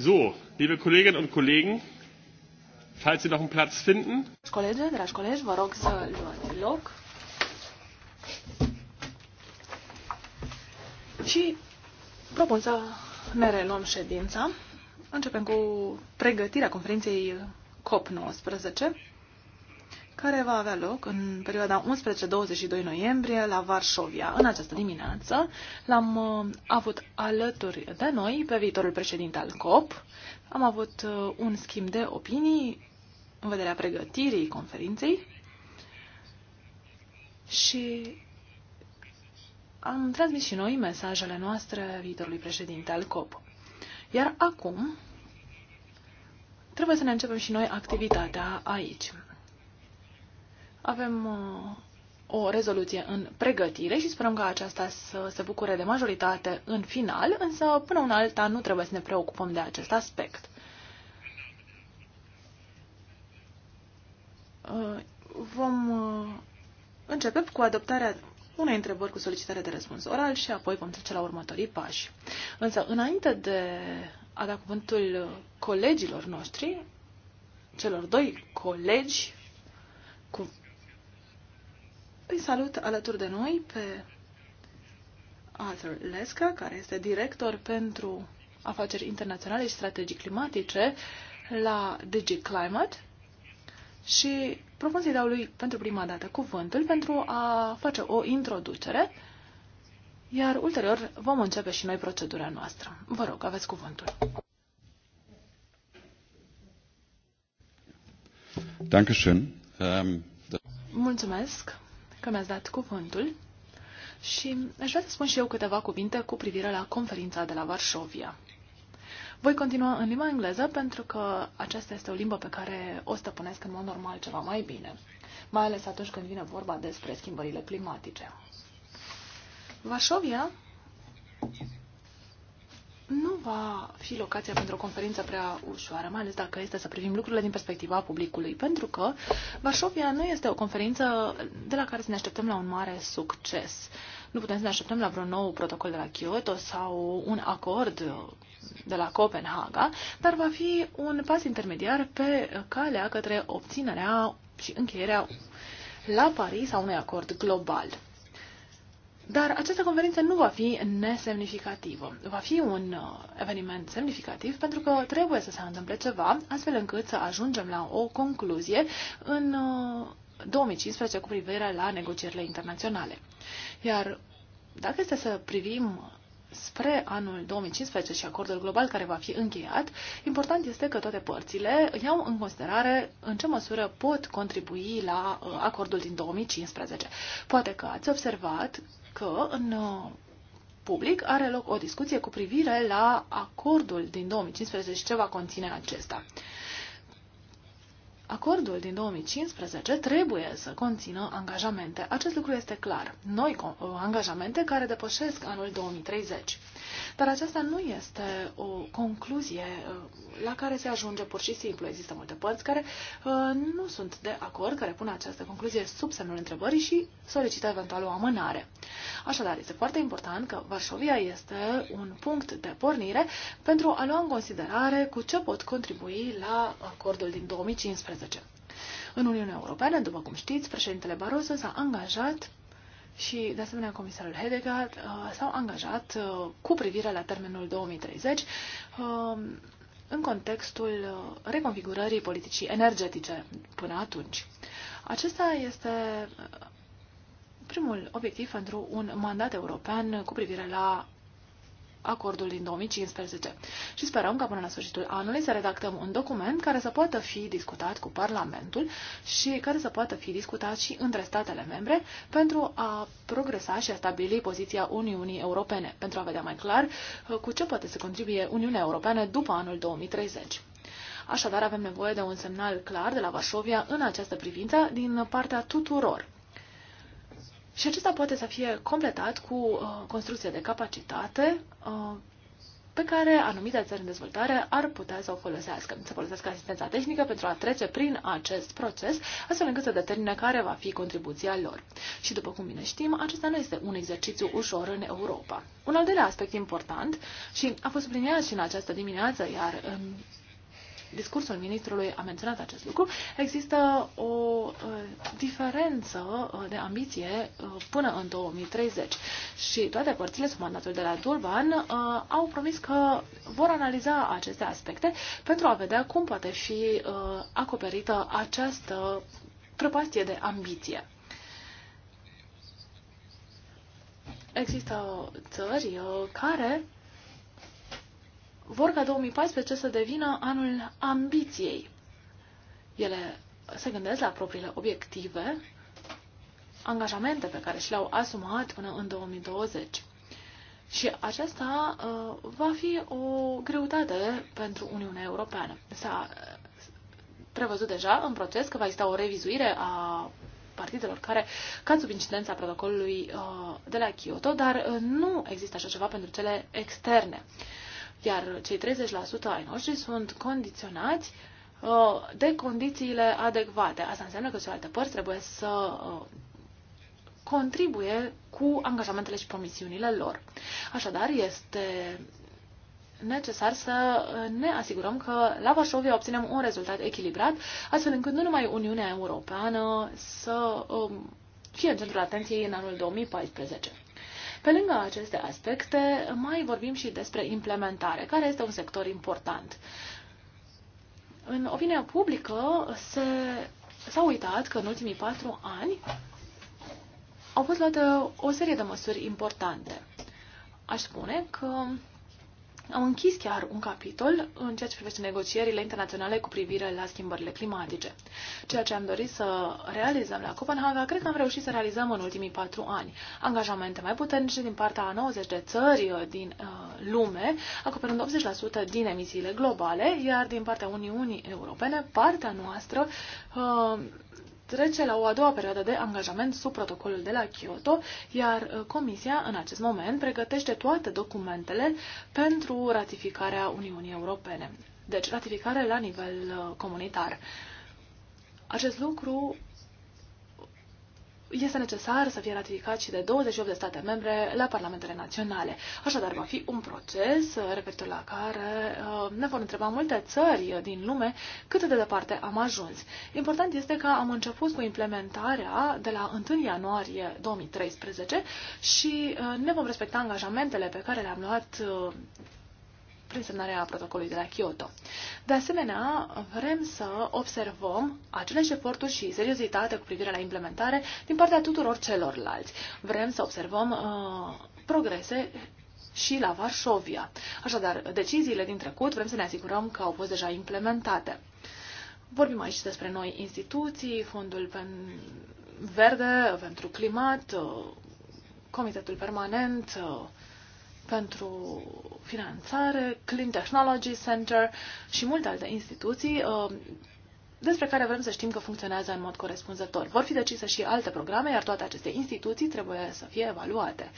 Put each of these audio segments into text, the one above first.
So, liebe Kolleginnen und Kollegen, falls Sie noch einen Platz finden. colegi, dragi colegi, vă rog să luați loc. Și propun să ne reluăm ședința. Începem cu pregătirea conferinței COP19 care va avea loc în perioada 11-22 noiembrie la Varșovia. În această dimineață l-am uh, avut alături de noi pe viitorul președinte al COP. Am avut uh, un schimb de opinii în vederea pregătirii conferinței și am transmis și noi mesajele noastre viitorului președinte al COP. Iar acum trebuie să ne începem și noi activitatea aici. Avem uh, o rezoluție în pregătire și sperăm ca aceasta să se bucure de majoritate în final, însă până una alta nu trebuie să ne preocupăm de acest aspect. Uh, vom uh, începe cu adoptarea unei întrebări cu solicitare de răspuns oral și apoi vom trece la următorii pași. Însă, înainte de a da cuvântul colegilor noștri, celor doi colegi îi salut alături de noi pe Arthur Lesca, care este director pentru afaceri internaționale și strategii climatice la DG Climate și propun să-i dau lui pentru prima dată cuvântul pentru a face o introducere, iar ulterior vom începe și noi procedura noastră. Vă rog, aveți cuvântul. Ähm, da- Mulțumesc că mi-ați dat cuvântul și aș vrea să spun și eu câteva cuvinte cu privire la conferința de la Varșovia. Voi continua în limba engleză pentru că aceasta este o limbă pe care o stăpânesc în mod normal ceva mai bine, mai ales atunci când vine vorba despre schimbările climatice. Varșovia nu va fi locația pentru o conferință prea ușoară, mai ales dacă este să privim lucrurile din perspectiva publicului, pentru că Varsovia nu este o conferință de la care să ne așteptăm la un mare succes. Nu putem să ne așteptăm la vreun nou protocol de la Kyoto sau un acord de la Copenhaga, dar va fi un pas intermediar pe calea către obținerea și încheierea la Paris a unui acord global. Dar această conferință nu va fi nesemnificativă. Va fi un uh, eveniment semnificativ pentru că trebuie să se întâmple ceva, astfel încât să ajungem la o concluzie în 2015 uh, cu privire la negocierile internaționale. Iar dacă este să privim spre anul 2015 și acordul global care va fi încheiat, important este că toate părțile iau în considerare în ce măsură pot contribui la uh, acordul din 2015. Poate că ați observat că în uh, public are loc o discuție cu privire la acordul din 2015 și ce va conține acesta. Acordul din 2015 trebuie să conțină angajamente. Acest lucru este clar. Noi uh, angajamente care depășesc anul 2030. Dar aceasta nu este o concluzie uh, la care se ajunge pur și simplu. Există multe părți care uh, nu sunt de acord, care pun această concluzie sub semnul întrebării și solicită eventual o amânare. Așadar, este foarte important că Varșovia este un punct de pornire pentru a lua în considerare cu ce pot contribui la acordul din 2015. În Uniunea Europeană, după cum știți, președintele Barroso s-a angajat și, de asemenea, comisarul Hedegaard uh, s-au angajat uh, cu privire la termenul 2030 uh, în contextul uh, reconfigurării politicii energetice până atunci. Acesta este uh, primul obiectiv pentru un mandat european cu privire la acordul din 2015. Și sperăm că până la sfârșitul anului să redactăm un document care să poată fi discutat cu Parlamentul și care să poată fi discutat și între statele membre pentru a progresa și a stabili poziția Uniunii Europene, pentru a vedea mai clar uh, cu ce poate să contribuie Uniunea Europeană după anul 2030. Așadar, avem nevoie de un semnal clar de la Varșovia în această privință din partea tuturor și acesta poate să fie completat cu uh, construcție de capacitate uh, pe care anumite țări în dezvoltare ar putea să o folosească. Să folosească asistența tehnică pentru a trece prin acest proces, astfel încât să determine care va fi contribuția lor. Și după cum bine știm, acesta nu este un exercițiu ușor în Europa. Un al doilea aspect important, și a fost subliniat și în această dimineață, iar în discursul ministrului a menționat acest lucru, există o uh, diferență uh, de ambiție uh, până în 2030 și toate părțile sub mandatul de la Durban au promis că vor analiza aceste aspecte pentru a vedea cum poate fi acoperită această prăpastie de ambiție. Există țări care vor ca 2014 să devină anul ambiției. Ele se gândesc la propriile obiective, angajamente pe care și le-au asumat până în 2020. Și aceasta uh, va fi o greutate pentru Uniunea Europeană. S-a uh, prevăzut deja în proces că va exista o revizuire a partidelor care cad sub incidența protocolului uh, de la Kyoto, dar uh, nu există așa ceva pentru cele externe. Uh, iar cei 30% ai noștri sunt condiționați uh, de condițiile adecvate. Asta înseamnă că celelalte părți trebuie să uh, contribuie cu angajamentele și promisiunile lor. Așadar, este necesar să ne asigurăm că la Varșovia obținem un rezultat echilibrat, astfel încât nu numai Uniunea Europeană să um, fie în centrul atenției în anul 2014. Pe lângă aceste aspecte, mai vorbim și despre implementare, care este un sector important. În opinia publică se, s-a uitat că în ultimii patru ani au fost luate o serie de măsuri importante. Aș spune că am închis chiar un capitol în ceea ce privește negocierile internaționale cu privire la schimbările climatice. Ceea ce am dorit să realizăm la Copenhaga, cred că am reușit să realizăm în ultimii patru ani. Angajamente mai puternice din partea a 90 de țări uh, din uh, lume, acoperând 80% din emisiile globale, iar din partea Uniunii Europene, partea noastră uh, trece la o a doua perioadă de angajament sub protocolul de la Kyoto, iar uh, Comisia în acest moment pregătește toate documentele pentru ratificarea Uniunii Europene. Deci ratificare la nivel uh, comunitar. Acest lucru este necesar să fie ratificat și de 28 de state membre la parlamentele naționale. Așadar, va fi un proces uh, referitor la care uh, ne vor întreba multe țări din lume cât de departe am ajuns. Important este că am început cu implementarea de la 1 ianuarie 2013 și uh, ne vom respecta angajamentele pe care le-am luat prin semnarea protocolului de la Kyoto. De asemenea, vrem să observăm aceleași eforturi și seriozitate cu privire la implementare din partea tuturor celorlalți. Vrem să observăm uh, progrese și la Varșovia. Așadar, deciziile din trecut vrem să ne asigurăm că au fost deja implementate. Vorbim aici despre noi instituții, Fondul Verde pentru Climat, uh, Comitetul Permanent, uh, pentru finanțare, Clean Technology Center și multe alte instituții uh, despre care vrem să știm că funcționează în mod corespunzător. Vor fi decise și alte programe, iar toate aceste instituții trebuie să fie evaluate.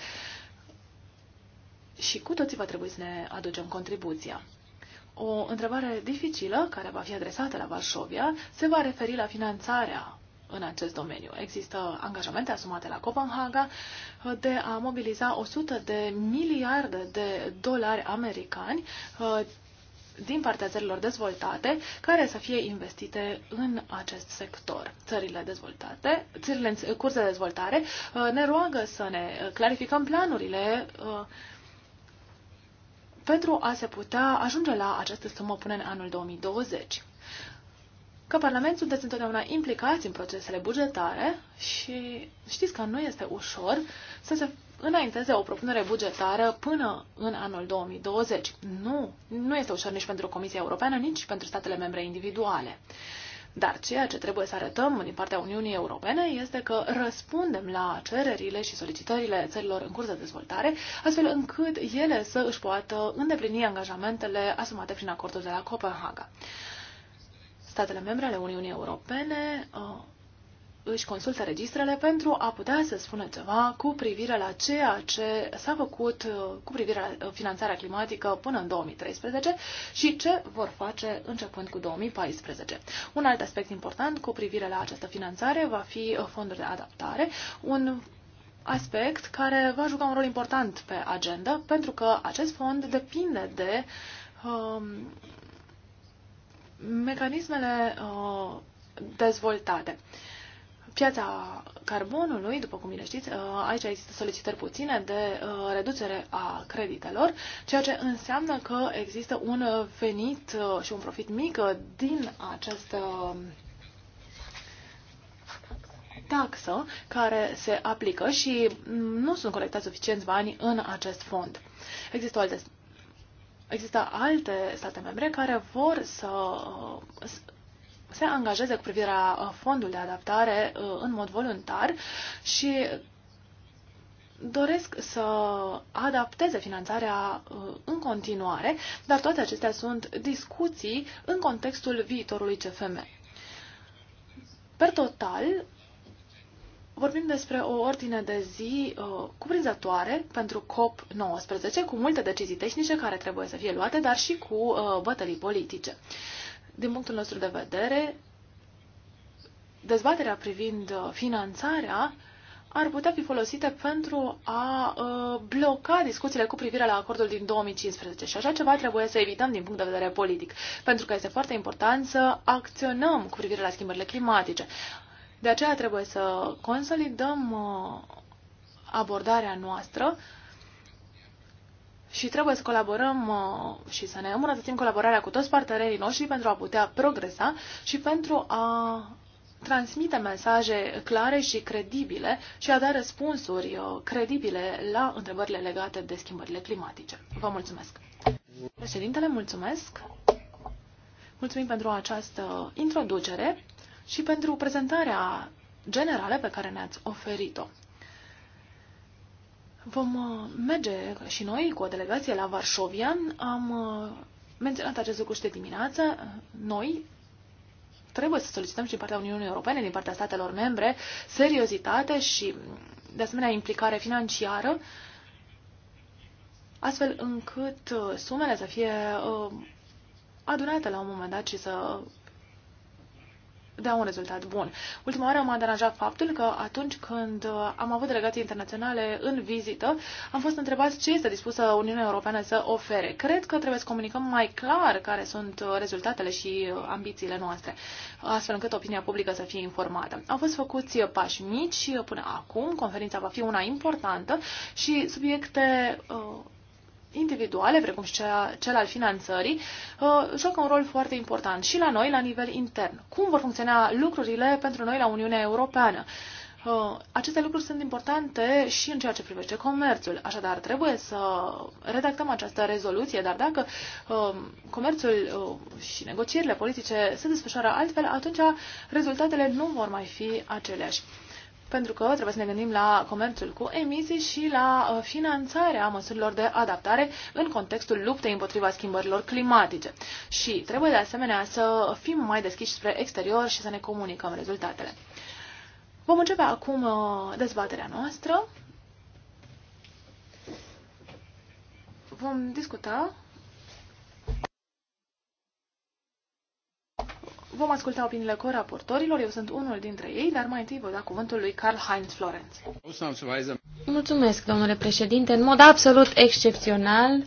Și cu toții va trebui să ne aducem contribuția. O întrebare dificilă, care va fi adresată la Varșovia, se va referi la finanțarea în acest domeniu. Există angajamente asumate la Copenhaga de a mobiliza 100 de miliarde de dolari americani uh, din partea țărilor dezvoltate care să fie investite în acest sector. Țările dezvoltate, țările în curs de dezvoltare uh, ne roagă să ne clarificăm planurile uh, pentru a se putea ajunge la această sumă până în anul 2020. Ca Parlament sunteți întotdeauna implicați în procesele bugetare și știți că nu este ușor să se înainteze o propunere bugetară până în anul 2020. Nu, nu este ușor nici pentru Comisia Europeană, nici pentru statele membre individuale. Dar ceea ce trebuie să arătăm din partea Uniunii Europene este că răspundem la cererile și solicitările țărilor în curs de dezvoltare, astfel încât ele să își poată îndeplini angajamentele asumate prin acordul de la Copenhaga statele membre ale Uniunii Europene uh, își consultă registrele pentru a putea să spună ceva cu privire la ceea ce s-a făcut uh, cu privire la uh, finanțarea climatică până în 2013 și ce vor face începând cu 2014. Un alt aspect important cu privire la această finanțare va fi fondul de adaptare, un aspect care va juca un rol important pe agenda pentru că acest fond depinde de um, mecanismele uh, dezvoltate. Piața carbonului, după cum bine știți, uh, aici există solicitări puține de uh, reducere a creditelor, ceea ce înseamnă că există un venit și un profit mic din această um, taxă care se aplică și nu sunt colectați suficienți bani în acest fond. Există o altă Există alte state membre care vor să uh, se angajeze cu privire la uh, fondul de adaptare uh, în mod voluntar și doresc să adapteze finanțarea în continuare, dar toate acestea sunt discuții în contextul viitorului CFM. Per total, vorbim despre o ordine de zi uh, cuprinzătoare pentru COP19, cu multe decizii tehnice care trebuie să fie luate, dar și cu uh, bătălii politice. Din punctul nostru de vedere, dezbaterea privind uh, finanțarea ar putea fi folosite pentru a uh, bloca discuțiile cu privire la acordul din 2015 și așa ceva trebuie să evităm din punct de vedere politic, pentru că este foarte important să acționăm cu privire la schimbările climatice. De aceea trebuie să consolidăm uh, abordarea noastră și trebuie să colaborăm uh, și să ne îmbunătățim colaborarea cu toți partenerii noștri pentru a putea progresa și pentru a transmite mesaje clare și credibile și a da răspunsuri uh, credibile la întrebările legate de schimbările climatice. Vă mulțumesc! Președintele, mulțumesc! Mulțumim pentru această introducere și pentru prezentarea generală pe care ne-ați oferit-o. Vom uh, merge și noi cu o delegație la Varșovia. Am uh, menționat acest lucru și de dimineață. Noi trebuie să solicităm și din partea Uniunii Europene, din partea statelor membre, seriozitate și, de asemenea, implicare financiară, astfel încât uh, sumele să fie adunate la un moment dat și să dea un rezultat bun. Ultima oară m-a deranjat faptul că atunci când uh, am avut delegații internaționale în vizită, am fost întrebați ce este dispusă Uniunea Europeană să ofere. Cred că trebuie să comunicăm mai clar care sunt uh, rezultatele și uh, ambițiile noastre, astfel încât opinia publică să fie informată. Au fost făcuți pași mici până acum, conferința va fi una importantă și subiecte uh, individuale, precum și cea, cel al finanțării, uh, joacă un rol foarte important și la noi, la nivel intern. Cum vor funcționa lucrurile pentru noi la Uniunea Europeană? Uh, aceste lucruri sunt importante și în ceea ce privește comerțul. Așadar, trebuie să redactăm această rezoluție, dar dacă uh, comerțul și negocierile politice se desfășoară altfel, atunci rezultatele nu vor mai fi aceleași pentru că trebuie să ne gândim la comerțul cu emisii și la uh, finanțarea măsurilor de adaptare în contextul luptei împotriva schimbărilor climatice. Și trebuie de asemenea să fim mai deschiși spre exterior și să ne comunicăm rezultatele. Vom începe acum uh, dezbaterea noastră. Vom discuta Vom asculta opiniile co-raportorilor, eu sunt unul dintre ei, dar mai întâi voi da cuvântul lui Karl-Heinz Florenz. Mulțumesc, domnule președinte. În mod absolut excepțional,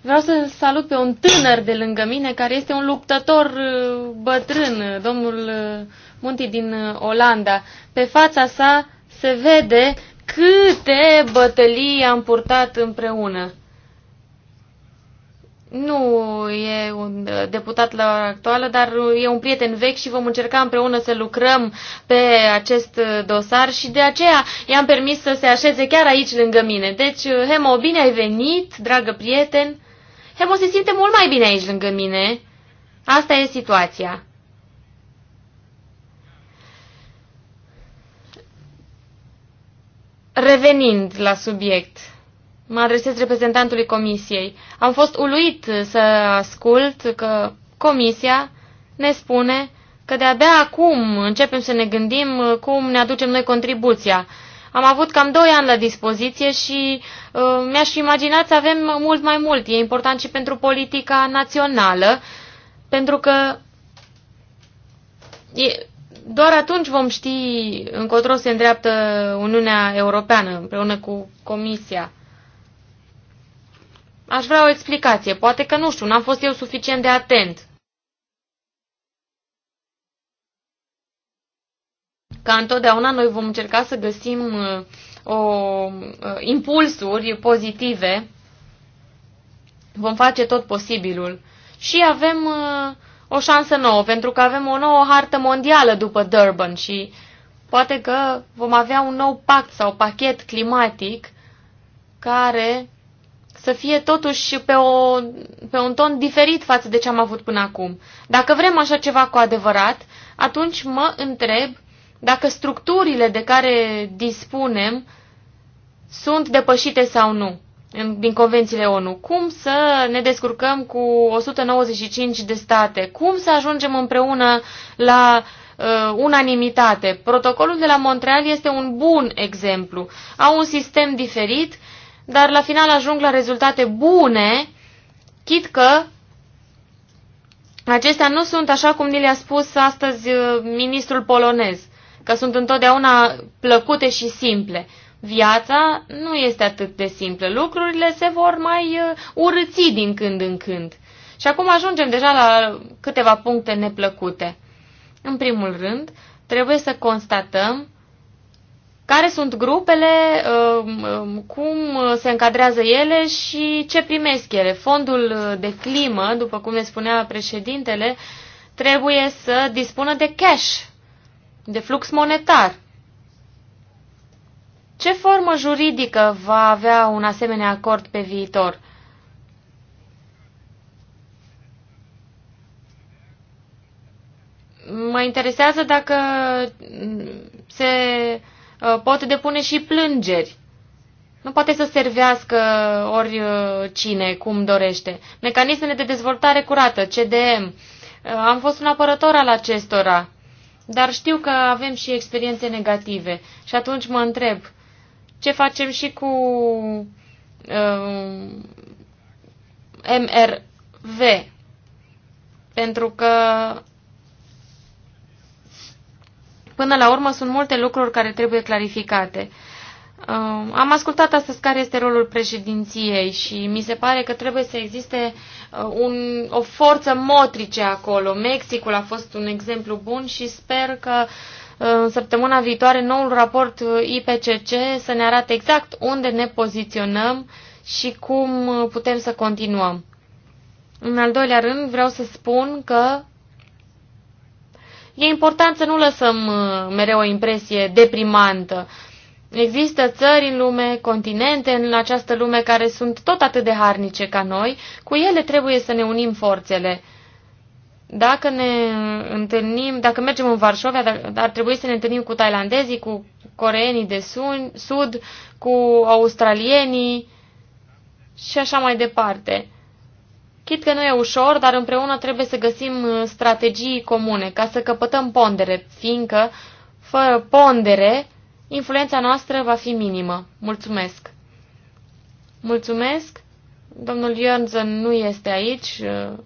vreau să salut pe un tânăr de lângă mine, care este un luptător uh, bătrân, domnul uh, Munti din uh, Olanda. Pe fața sa se vede câte bătălii am purtat împreună. Nu e un uh, deputat la ora actuală, dar e un prieten vechi și vom încerca împreună să lucrăm pe acest uh, dosar și de aceea i-am permis să se așeze chiar aici lângă mine. Deci, uh, Hemo, bine ai venit, dragă prieten. Hemo se simte mult mai bine aici lângă mine. Asta e situația. Revenind la subiect. Mă adresez reprezentantului comisiei. Am fost uluit să ascult că comisia ne spune că de-abia acum începem să ne gândim cum ne aducem noi contribuția. Am avut cam doi ani la dispoziție și uh, mi-aș fi imaginat să avem mult mai mult. E important și pentru politica națională, pentru că e, doar atunci vom ști încotro se îndreaptă Uniunea Europeană împreună cu Comisia. Aș vrea o explicație. Poate că nu știu, n-am fost eu suficient de atent. Ca întotdeauna noi vom încerca să găsim uh, o, uh, impulsuri pozitive. Vom face tot posibilul. Și avem uh, o șansă nouă, pentru că avem o nouă hartă mondială după Durban și poate că vom avea un nou pact sau pachet climatic care să fie totuși pe, o, pe un ton diferit față de ce am avut până acum. Dacă vrem așa ceva cu adevărat, atunci mă întreb dacă structurile de care dispunem sunt depășite sau nu din convențiile ONU. Cum să ne descurcăm cu 195 de state? Cum să ajungem împreună la uh, unanimitate? Protocolul de la Montreal este un bun exemplu. Au un sistem diferit, dar la final ajung la rezultate bune, chit că acestea nu sunt așa cum ni le-a spus astăzi uh, ministrul polonez, că sunt întotdeauna plăcute și simple. Viața nu este atât de simplă, lucrurile se vor mai uh, urâți din când în când. Și acum ajungem deja la câteva puncte neplăcute. În primul rând, trebuie să constatăm care sunt grupele, um, um, cum se încadrează ele și ce primesc ele. Fondul de climă, după cum ne spunea președintele, trebuie să dispună de cash, de flux monetar. Ce formă juridică va avea un asemenea acord pe viitor? Mă interesează dacă se Uh, pot depune și plângeri. Nu poate să servească ori uh, cine, cum dorește. Mecanismele de dezvoltare curată, CDM. Uh, am fost un apărător al acestora, dar știu că avem și experiențe negative. Și atunci mă întreb, ce facem și cu uh, MRV? Pentru că Până la urmă sunt multe lucruri care trebuie clarificate. Um, am ascultat astăzi care este rolul președinției și mi se pare că trebuie să existe uh, un, o forță motrice acolo. Mexicul a fost un exemplu bun și sper că uh, în săptămâna viitoare noul raport uh, IPCC să ne arate exact unde ne poziționăm și cum putem să continuăm. În al doilea rând vreau să spun că E important să nu lăsăm uh, mereu o impresie deprimantă. Există țări în lume, continente în această lume care sunt tot atât de harnice ca noi, cu ele trebuie să ne unim forțele. Dacă ne întâlnim, dacă mergem în Varșovia, ar trebui să ne întâlnim cu tailandezii, cu coreenii de sud, cu australienii și așa mai departe. Chit că nu e ușor, dar împreună trebuie să găsim uh, strategii comune ca să căpătăm pondere, fiindcă, fără pondere, influența noastră va fi minimă. Mulțumesc! Mulțumesc! Domnul Jörnsen nu este aici, uh,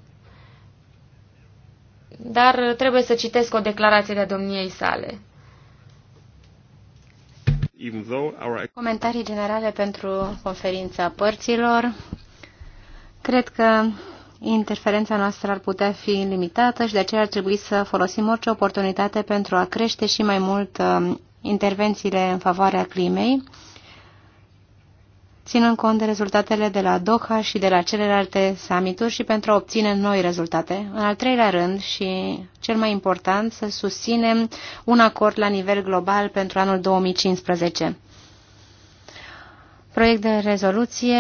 dar trebuie să citesc o declarație de-a domniei sale. Comentarii generale pentru conferința părților. Cred că interferența noastră ar putea fi limitată și de aceea ar trebui să folosim orice oportunitate pentru a crește și mai mult um, intervențiile în favoarea climei, ținând cont de rezultatele de la Doha și de la celelalte summituri și pentru a obține noi rezultate. În al treilea rând și cel mai important, să susținem un acord la nivel global pentru anul 2015. Proiect de rezoluție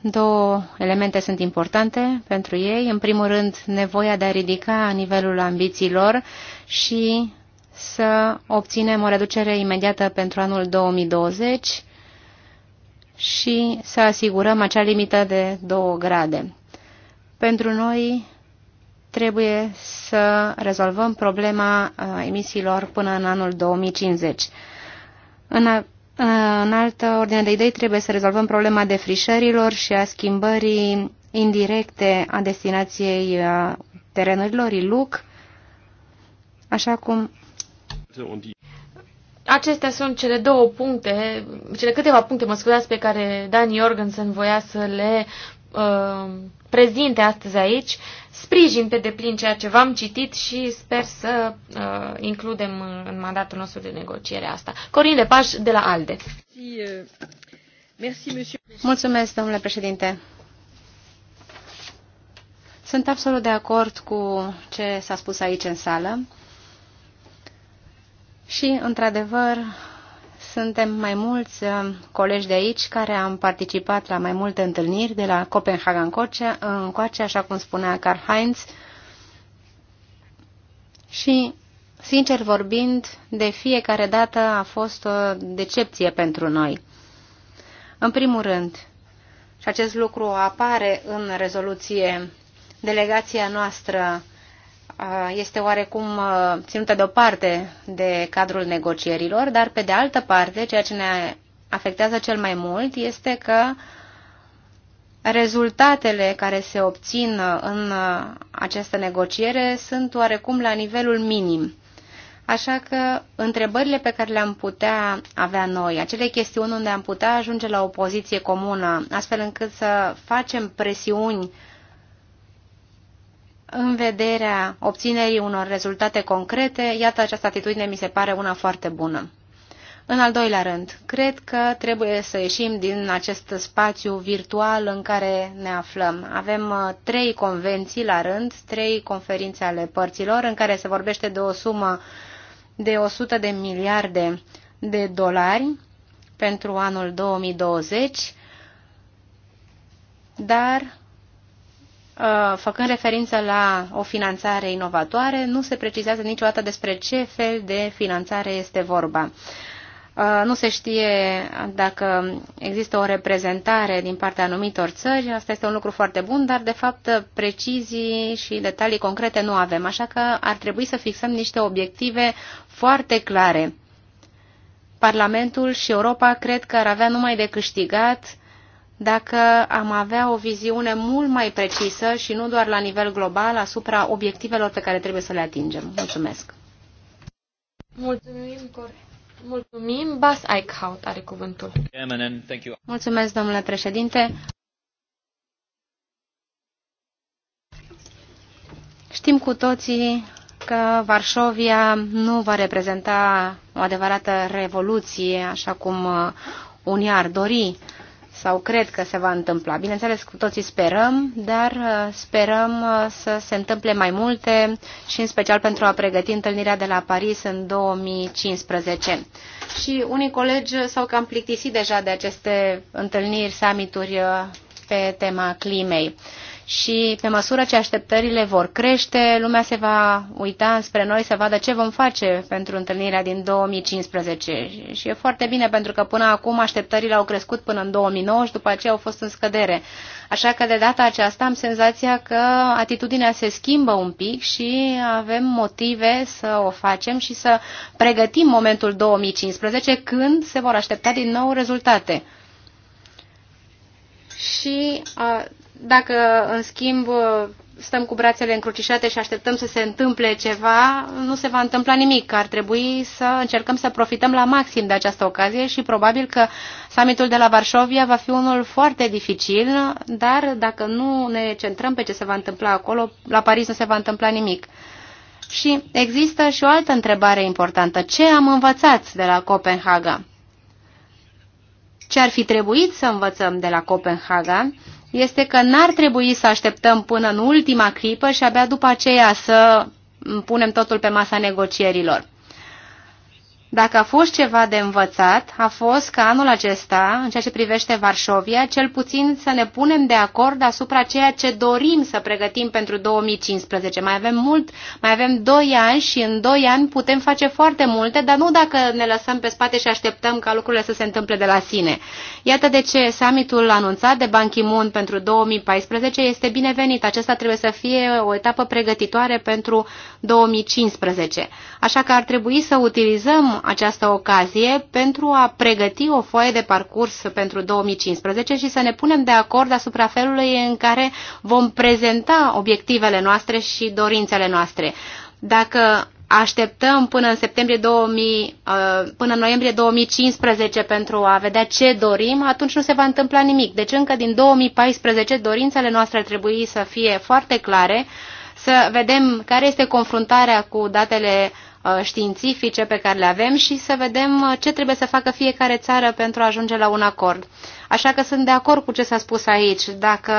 Două elemente sunt importante pentru ei. În primul rând, nevoia de a ridica nivelul ambițiilor și să obținem o reducere imediată pentru anul 2020 și să asigurăm acea limită de 2 grade. Pentru noi trebuie să rezolvăm problema uh, emisiilor până în anul 2050. În în altă ordine de idei trebuie să rezolvăm problema defrișărilor și a schimbării indirecte a destinației uh, terenurilor, iluc, așa cum... Acestea sunt cele două puncte, cele câteva puncte, mă scuzați, pe care Dan Jorgensen voia să le uh, prezinte astăzi aici. Sprijin pe deplin ceea ce v-am citit și sper să uh, includem în, mandatul nostru de negociere asta. Corin Paș, de la ALDE. Uh, Mulțumesc, domnule președinte. Sunt absolut de acord cu ce s-a spus aici în sală. Și, într-adevăr, suntem mai mulți uh, colegi de aici care am participat la mai multe întâlniri de la Copenhaga încoace, încoace așa cum spunea Karl Heinz. Și, sincer vorbind, de fiecare dată a fost o decepție pentru noi. În primul rând, și acest lucru apare în rezoluție, delegația noastră este oarecum ținută deoparte de cadrul negocierilor, dar pe de altă parte, ceea ce ne afectează cel mai mult este că rezultatele care se obțin în această negociere sunt oarecum la nivelul minim. Așa că întrebările pe care le-am putea avea noi, acele chestiuni unde am putea ajunge la o poziție comună, astfel încât să facem presiuni uh, în vederea obținerii unor rezultate concrete, iată această atitudine mi se pare una foarte bună. În al doilea rând, cred că trebuie să ieșim din acest spațiu virtual în care ne aflăm. Avem uh, trei convenții la rând, trei conferințe ale părților în care se vorbește de o sumă de 100 de miliarde de dolari pentru anul 2020, dar Uh, făcând referință la o finanțare inovatoare, nu se precizează niciodată despre ce fel de finanțare este vorba. Uh, nu se știe dacă există o reprezentare din partea anumitor țări, asta este un lucru foarte bun, dar de fapt precizii și detalii concrete nu avem, așa că ar trebui să fixăm niște obiective foarte clare. Parlamentul și Europa cred că ar avea numai de câștigat uh, dacă am avea o viziune mult mai precisă și nu doar la nivel global asupra obiectivelor pe care trebuie să le atingem. Mulțumesc! Mulțumim, cor. Mulțumim. Bas Eichhout are cuvântul. Mulțumesc, domnule președinte. Știm cu toții că Varșovia nu va reprezenta o adevărată revoluție, așa cum uh, unii ar dori, sau cred că se va întâmpla. Bineînțeles, cu toții sperăm, dar uh, sperăm uh, să se întâmple mai multe și în special pentru a pregăti întâlnirea de la Paris în 2015. Și unii colegi s-au cam plictisit deja de aceste întâlniri, summituri uh, pe tema climei și pe măsură ce așteptările vor crește, lumea se va uita spre noi să vadă ce vom face pentru întâlnirea din 2015. Și e foarte bine pentru că până acum așteptările au crescut până în 2009 și după aceea au fost în scădere. Așa că de data aceasta am senzația că atitudinea se schimbă un pic și avem motive să o facem și să pregătim momentul 2015 când se vor aștepta din nou rezultate. Și dacă, în schimb, stăm cu brațele încrucișate și așteptăm să se întâmple ceva, nu se va întâmpla nimic. Ar trebui să încercăm să profităm la maxim de această ocazie și probabil că summitul de la Varșovia va fi unul foarte dificil, dar dacă nu ne centrăm pe ce se va întâmpla acolo, la Paris nu se va întâmpla nimic. Și există și o altă întrebare importantă. Ce am învățat de la Copenhaga? Ce ar fi trebuit să învățăm de la Copenhaga? este că n-ar trebui să așteptăm până în ultima clipă și abia după aceea să punem totul pe masa negocierilor. Dacă a fost ceva de învățat, a fost că anul acesta, în ceea ce privește Varșovia, cel puțin să ne punem de acord asupra ceea ce dorim să pregătim pentru 2015. Mai avem mult, mai avem 2 ani și în 2 ani putem face foarte multe, dar nu dacă ne lăsăm pe spate și așteptăm ca lucrurile să se întâmple de la sine. Iată de ce summitul anunțat de Ban Ki-moon pentru 2014 este binevenit. Acesta trebuie să fie o etapă pregătitoare pentru 2015. Așa că ar trebui să utilizăm această ocazie pentru a pregăti o foaie de parcurs pentru 2015 și să ne punem de acord asupra felului în care vom prezenta obiectivele noastre și dorințele noastre. Dacă așteptăm până în septembrie 2000, uh, până în noiembrie 2015 pentru a vedea ce dorim, atunci nu se va întâmpla nimic. Deci încă din 2014 dorințele noastre ar trebui să fie foarte clare să vedem care este confruntarea cu datele uh, științifice pe care le avem și să vedem uh, ce trebuie să facă fiecare țară pentru a ajunge la un acord. Așa că sunt de acord cu ce s-a spus aici. Dacă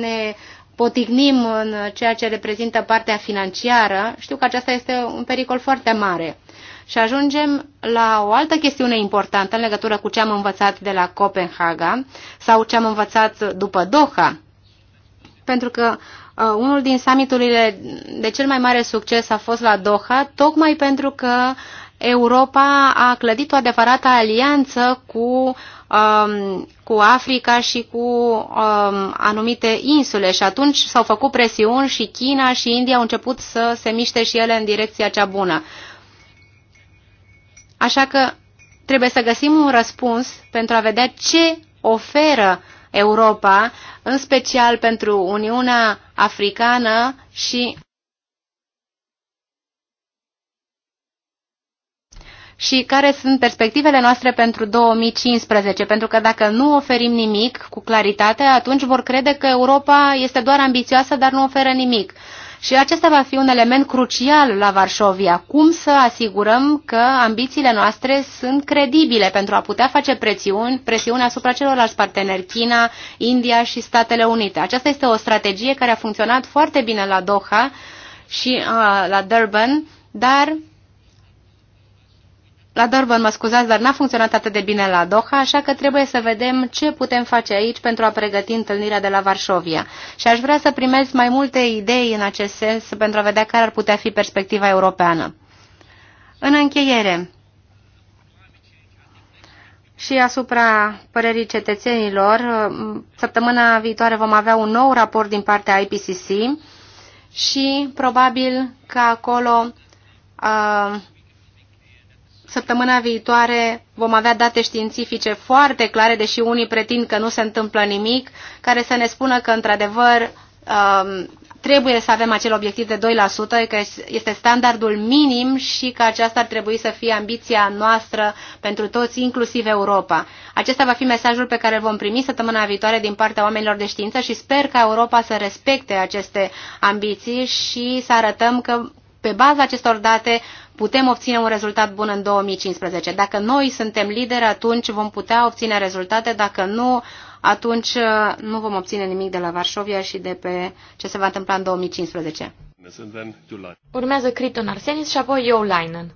ne potignim în ceea ce reprezintă partea financiară, știu că aceasta este un pericol foarte mare. Și ajungem la o altă chestiune importantă în legătură cu ce am învățat de la Copenhaga sau ce am învățat după Doha. Pentru că Uh, unul din summiturile de cel mai mare succes a fost la Doha, tocmai pentru că Europa a clădit o adevărată alianță cu, um, cu Africa și cu um, anumite insule și atunci s-au făcut presiuni și China și India au început să se miște și ele în direcția cea bună. Așa că trebuie să găsim un răspuns pentru a vedea ce oferă uh, Europa, în special pentru Uniunea Africană și și care sunt perspectivele noastre pentru 2015, pentru că dacă nu oferim nimic cu claritate, atunci vor crede că Europa este doar ambițioasă, dar nu oferă nimic. Și acesta va fi un element crucial la Varșovia. Cum să asigurăm că ambițiile noastre sunt credibile pentru a putea face presiuni, presiuni asupra celorlalți parteneri, China, India și Statele Unite. Aceasta este o strategie care a funcționat foarte bine la Doha și uh, la Durban, dar la Dorban, mă scuzați, dar n-a funcționat atât de bine la Doha, așa că trebuie să vedem ce putem face aici pentru a pregăti întâlnirea de la Varșovia. Și aș vrea să primez mai multe idei în acest sens pentru a vedea care ar putea fi perspectiva europeană. În încheiere, și asupra părerii cetățenilor, săptămâna viitoare vom avea un nou raport din partea IPCC și probabil că acolo uh, Săptămâna viitoare vom avea date științifice foarte clare, deși unii pretind că nu se întâmplă nimic, care să ne spună că, într-adevăr, um, trebuie să avem acel obiectiv de 2%, că este standardul minim și că aceasta ar trebui să fie ambiția noastră pentru toți, inclusiv Europa. Acesta va fi mesajul pe care îl vom primi săptămâna viitoare din partea oamenilor de știință și sper ca Europa să respecte aceste ambiții și să arătăm că pe baza acestor date putem obține un rezultat bun în 2015. Dacă noi suntem lideri, atunci vom putea obține rezultate, dacă nu, atunci uh, nu vom obține nimic de la Varșovia și de pe ce se va întâmpla în 2015. Urmează Criton Arsenis și apoi eu Leinen.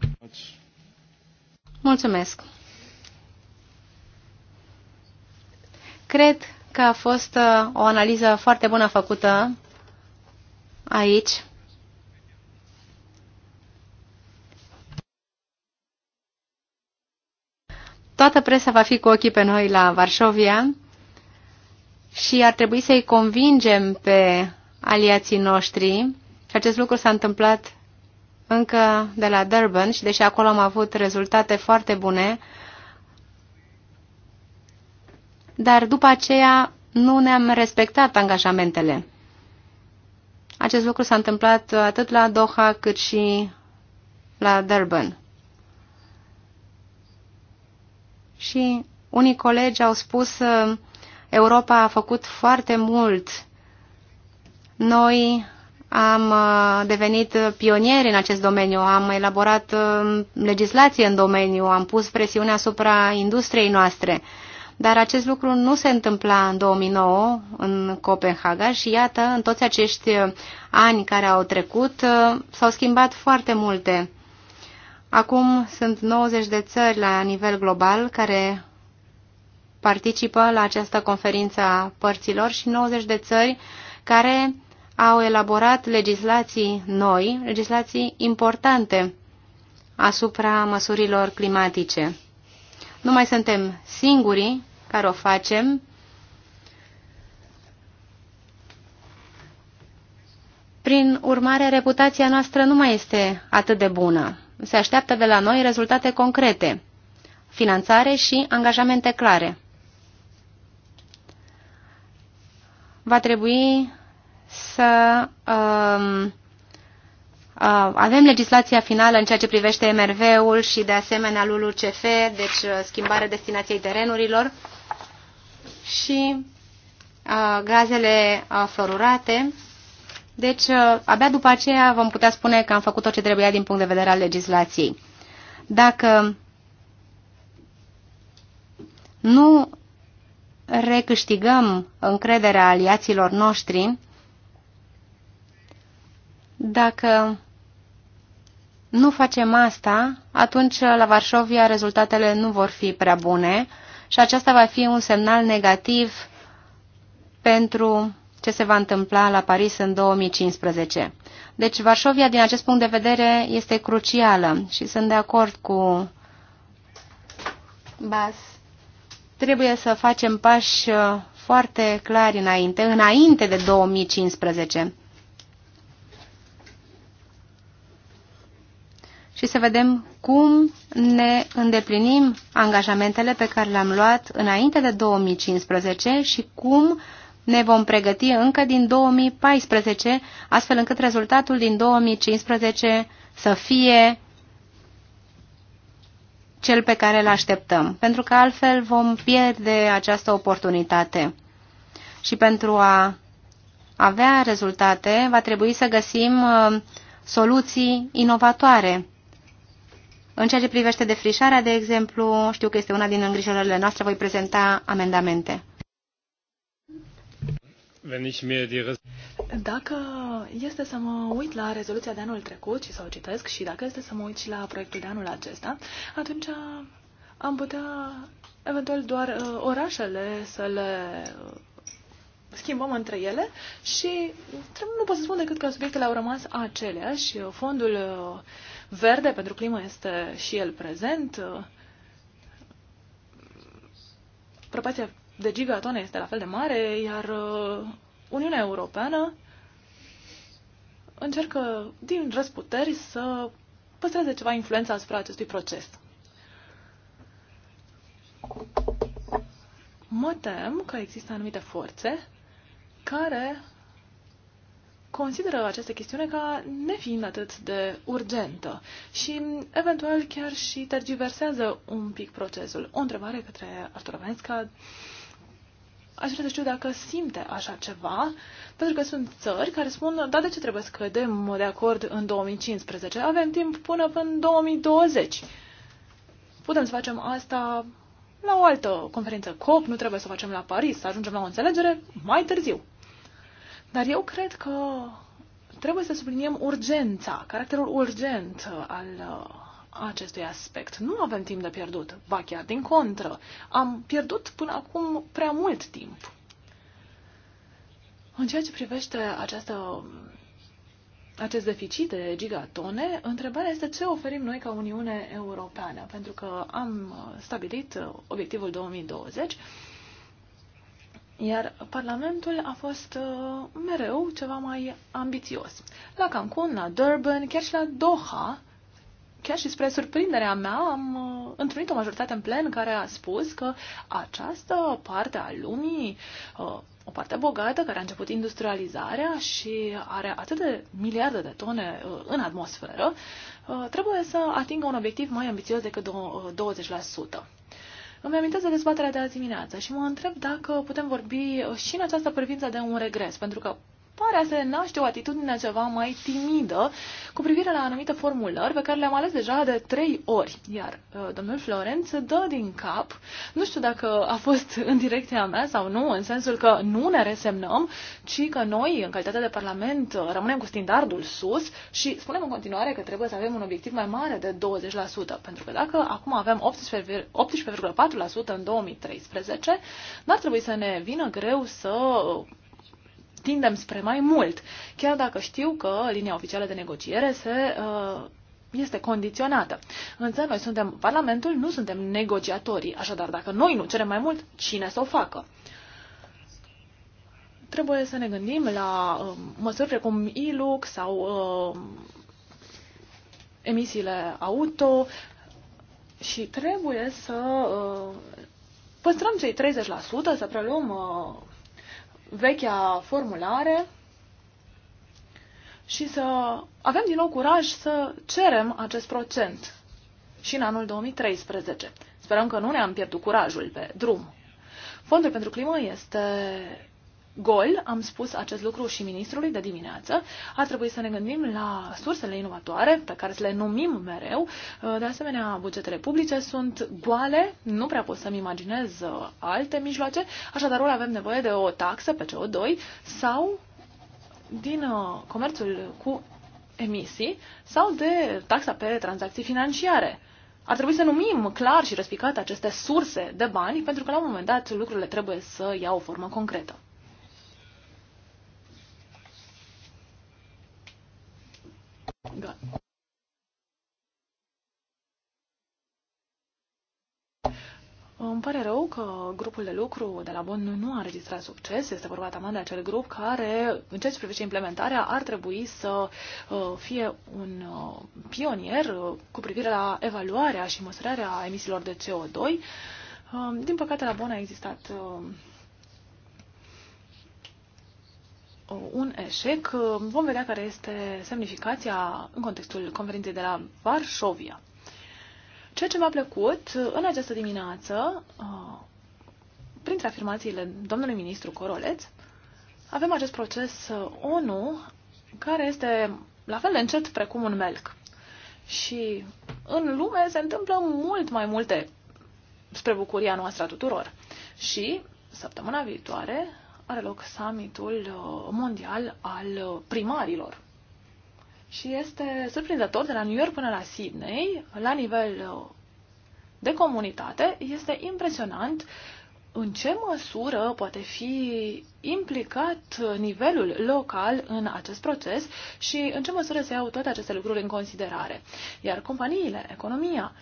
Mulțumesc. Cred că a fost uh, o analiză foarte bună făcută aici toată presa va fi cu ochii pe noi la Varșovia și ar trebui să-i convingem pe aliații noștri și acest lucru s-a întâmplat încă de la Durban și deși acolo am avut rezultate foarte bune, dar după aceea nu ne-am respectat angajamentele. Acest lucru s-a întâmplat atât la Doha cât și la Durban. Și unii colegi au spus ă, Europa a făcut foarte mult. Noi am ă, devenit pionieri în acest domeniu, am elaborat ă, legislație în domeniu, am pus presiune asupra industriei noastre. Dar acest lucru nu se întâmpla în 2009 în Copenhaga și iată, în toți acești ani care au trecut s-au schimbat foarte multe. Acum sunt 90 de țări la nivel global care participă la această conferință a părților și 90 de țări care au elaborat legislații noi, legislații importante asupra măsurilor climatice. Nu mai suntem singurii care o facem. Prin urmare, reputația noastră nu mai este atât de bună se așteaptă de la noi rezultate concrete, finanțare și angajamente clare. Va trebui să um, uh, avem legislația finală în ceea ce privește MRV-ul și de asemenea LULUCF, deci uh, schimbarea destinației terenurilor și uh, gazele uh, florurate. Deci, uh, abia după aceea vom putea spune că am făcut tot ce trebuia din punct de vedere al legislației. Dacă nu recâștigăm încrederea aliaților noștri, dacă nu facem asta, atunci uh, la Varșovia rezultatele nu vor fi prea bune și aceasta va fi un semnal negativ pentru ce se va întâmpla la Paris în 2015. Deci Varșovia, din acest punct de vedere, este crucială și sunt de acord cu Bas. Trebuie să facem pași uh, foarte clari înainte, înainte de 2015. și să vedem cum ne îndeplinim angajamentele pe care le-am luat înainte de 2015 și cum ne vom pregăti încă din 2014, astfel încât rezultatul din 2015 să fie cel pe care îl așteptăm, pentru că altfel vom pierde această oportunitate. Și pentru a avea rezultate, va trebui să găsim uh, soluții inovatoare. În ceea ce privește defrișarea, de exemplu, știu că este una din îngrijorările noastre, voi prezenta amendamente. Dacă este să mă uit la rezoluția de anul trecut și să o citesc și dacă este să mă uit și la proiectul de anul acesta, atunci am putea eventual doar uh, orașele să le uh, schimbăm între ele și nu pot să spun decât că subiectele au rămas aceleași. Uh, fondul verde pentru climă este și el prezent. Prăpația de gigatone este la fel de mare, iar uh, Uniunea Europeană încercă din răsputeri să păstreze ceva influență asupra acestui proces. Mă tem că există anumite forțe care consideră această chestiune ca nefiind atât de urgentă și eventual chiar și tergiversează un pic procesul. O întrebare către Artur Venska aș vrea să știu dacă simte așa ceva, pentru că sunt țări care spun, da, de ce trebuie să cădem de acord în 2015? Avem timp până în 2020. Putem să facem asta la o altă conferință COP, nu trebuie să o facem la Paris, să ajungem la o înțelegere mai târziu. Dar eu cred că trebuie să subliniem urgența, caracterul urgent al uh, acestui aspect. Nu avem timp de pierdut, ba chiar din contră. Am pierdut până acum prea mult timp. În ceea ce privește această, acest deficit de gigatone, întrebarea este ce oferim noi ca Uniune Europeană, pentru că am stabilit obiectivul 2020 iar Parlamentul a fost uh, mereu ceva mai ambițios. La Cancun, la Durban, chiar și la Doha chiar și spre surprinderea mea, am uh, întâlnit o majoritate în plen care a spus că această parte a lumii, uh, o parte bogată care a început industrializarea și are atât de miliarde de tone uh, în atmosferă, trebuie să atingă un obiectiv mai ambițios decât 20%. Îmi amintesc de dezbaterea de azi dimineață și mă întreb dacă putem vorbi și în această privință de un regres, pentru că pare a se naște o atitudine ceva mai timidă cu privire la anumite formulări pe care le-am ales deja de trei ori. Iar uh, domnul Florenț dă din cap, nu știu dacă a fost în direcția mea sau nu, în sensul că nu ne resemnăm, ci că noi, în calitate de Parlament, uh, rămânem cu standardul sus și spunem în continuare că trebuie să avem un obiectiv mai mare de 20%, pentru că dacă acum avem 18,4% 18 în 2013, n-ar trebui să ne vină greu să uh, tindem spre mai mult, chiar dacă știu că linia oficială de negociere se, uh, este condiționată. Însă noi suntem Parlamentul, nu suntem negociatorii, așadar dacă noi nu cerem mai mult, cine să o facă? Trebuie să ne gândim la uh, măsuri precum ILUC sau uh, emisiile auto și trebuie să păstrăm cei 30%, să preluăm vechea formulare și să avem din nou curaj să cerem acest procent și în anul 2013. Sperăm că nu ne-am pierdut curajul pe drum. Fondul pentru climă este gol, am spus acest lucru și ministrului de dimineață, ar trebui să ne gândim la sursele inovatoare pe care să le numim mereu. Uh, de asemenea, bugetele publice sunt goale, nu prea pot să-mi imaginez uh, alte mijloace, așadar ori avem nevoie de o taxă pe CO2 sau din uh, comerțul cu emisii sau de taxa pe tranzacții financiare. Ar trebui să numim clar și răspicat aceste surse de bani, pentru că la un moment dat lucrurile trebuie să iau o formă concretă. meargă. Îmi pare rău că grupul de lucru de la Bonn nu a registrat succes. Este vorba taman de acel grup care, în ceea ce privește implementarea, ar trebui să uh, fie un uh, pionier uh, cu privire la evaluarea și măsurarea emisiilor de CO2. Din păcate, la Bonn a existat Uh, un eșec. Uh, vom vedea care este semnificația în contextul conferinței de la Varșovia. Ceea ce mi-a plăcut uh, în această dimineață, printre afirmațiile domnului ministru Coroleț, avem acest proces ONU care este la fel de încet precum un melc. Și în lume se întâmplă mult mai multe spre bucuria noastră a tuturor. Și săptămâna viitoare are loc summitul uh, mondial al uh, primarilor. Și este surprinzător, de la New York până la Sydney, la nivel uh, de comunitate, este impresionant în ce măsură poate fi implicat nivelul local în acest proces și în ce măsură se iau toate aceste lucruri în considerare. Iar companiile, economia,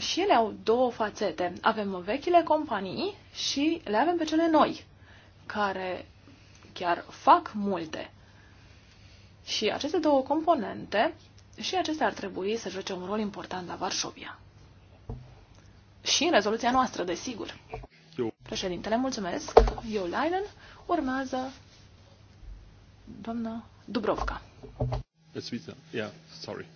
și ele au două fațete. Avem vechile companii și le avem pe cele noi, care chiar fac multe. Și aceste două componente și acestea ar trebui să joace un rol important la Varșovia. Și în rezoluția noastră, desigur. Eu. Președintele, mulțumesc. Eu, Leinen, urmează doamna Dubrovka. yeah, sorry.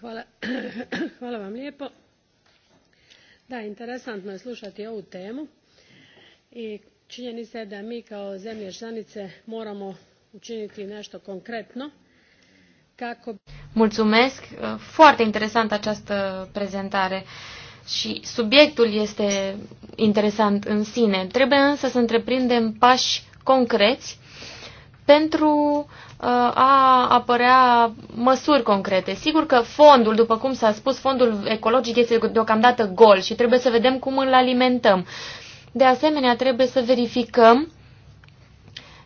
Hvala, hvala Da, interesantno je slušati ovu temu i činjenica je da mi kao zemlje članice moramo učiniti nešto konkretno kako... Mulțumesc! Foarte interesantă această prezentare și subiectul este interesant în sine. Trebuie însă să întreprindem pași concreți pentru uh, a apărea măsuri concrete. Sigur că fondul, după cum s-a spus, fondul ecologic este deocamdată gol și trebuie să vedem cum îl alimentăm. De asemenea, trebuie să verificăm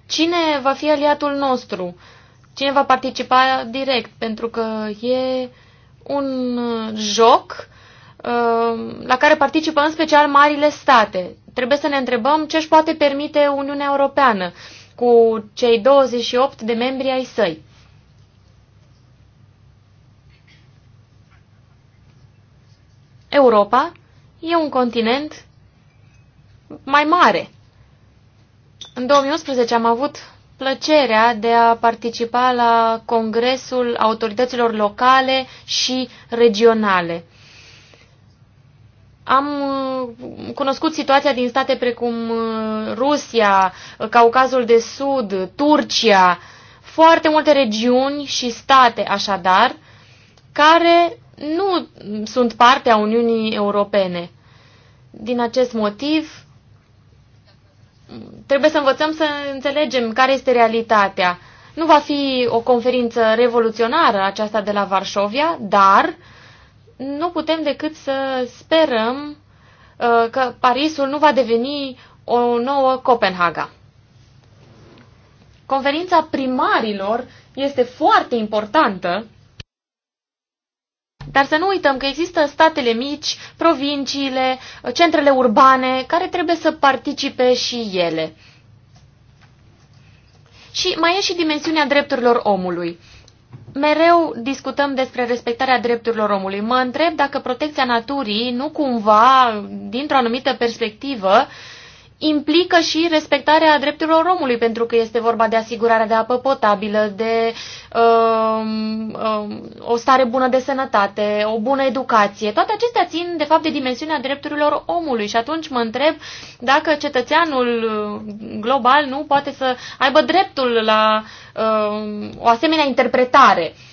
cine va fi aliatul nostru, cine va participa direct, pentru că e un joc uh, la care participă în special marile state. Trebuie să ne întrebăm ce își poate permite Uniunea Europeană. Uh, cu cei 28 de membri ai săi. Europa e un continent mai mare. În 2011 am avut plăcerea de a participa la Congresul Autorităților Locale și Regionale. Am uh, cunoscut situația din state precum uh, Rusia, Caucazul de Sud, Turcia, foarte multe regiuni și state așadar, care nu sunt parte a Uniunii Europene. Din acest motiv, trebuie să învățăm să înțelegem care este realitatea. Nu va fi o conferință revoluționară aceasta de la Varșovia, dar uh, nu putem decât să sperăm uh, că Parisul nu va deveni o nouă Copenhaga. Conferința primarilor este foarte importantă, dar să nu uităm că există statele mici, provinciile, centrele urbane, care trebuie să participe și ele. Și mai e și dimensiunea drepturilor omului mereu discutăm despre respectarea drepturilor omului. Mă întreb dacă protecția naturii nu cumva, dintr-o anumită perspectivă, uh, implică și respectarea drepturilor omului, pentru că este vorba de asigurarea de apă potabilă, de um, um, o stare bună de sănătate, o bună educație. Toate acestea țin, de fapt, de dimensiunea drepturilor omului și atunci mă întreb dacă cetățeanul uh, global nu poate să aibă dreptul la um, o asemenea interpretare. Uh,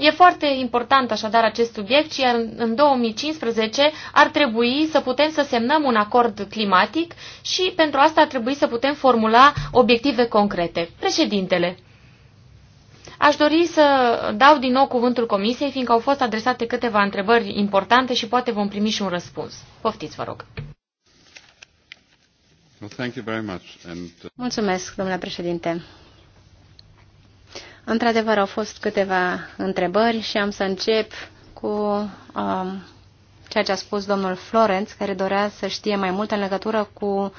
E foarte important așadar acest subiect și în 2015 ar trebui să putem să semnăm un acord climatic și pentru asta ar trebui să putem formula obiective concrete. Președintele, aș dori să dau din nou cuvântul Comisiei, fiindcă au fost adresate câteva întrebări importante și poate vom primi și un răspuns. Poftiți, vă rog. Uh, Mulțumesc, domnule președinte. Într-adevăr, au fost câteva întrebări și am să încep cu um, ceea ce a spus domnul Florenț, care dorea să știe mai mult în legătură cu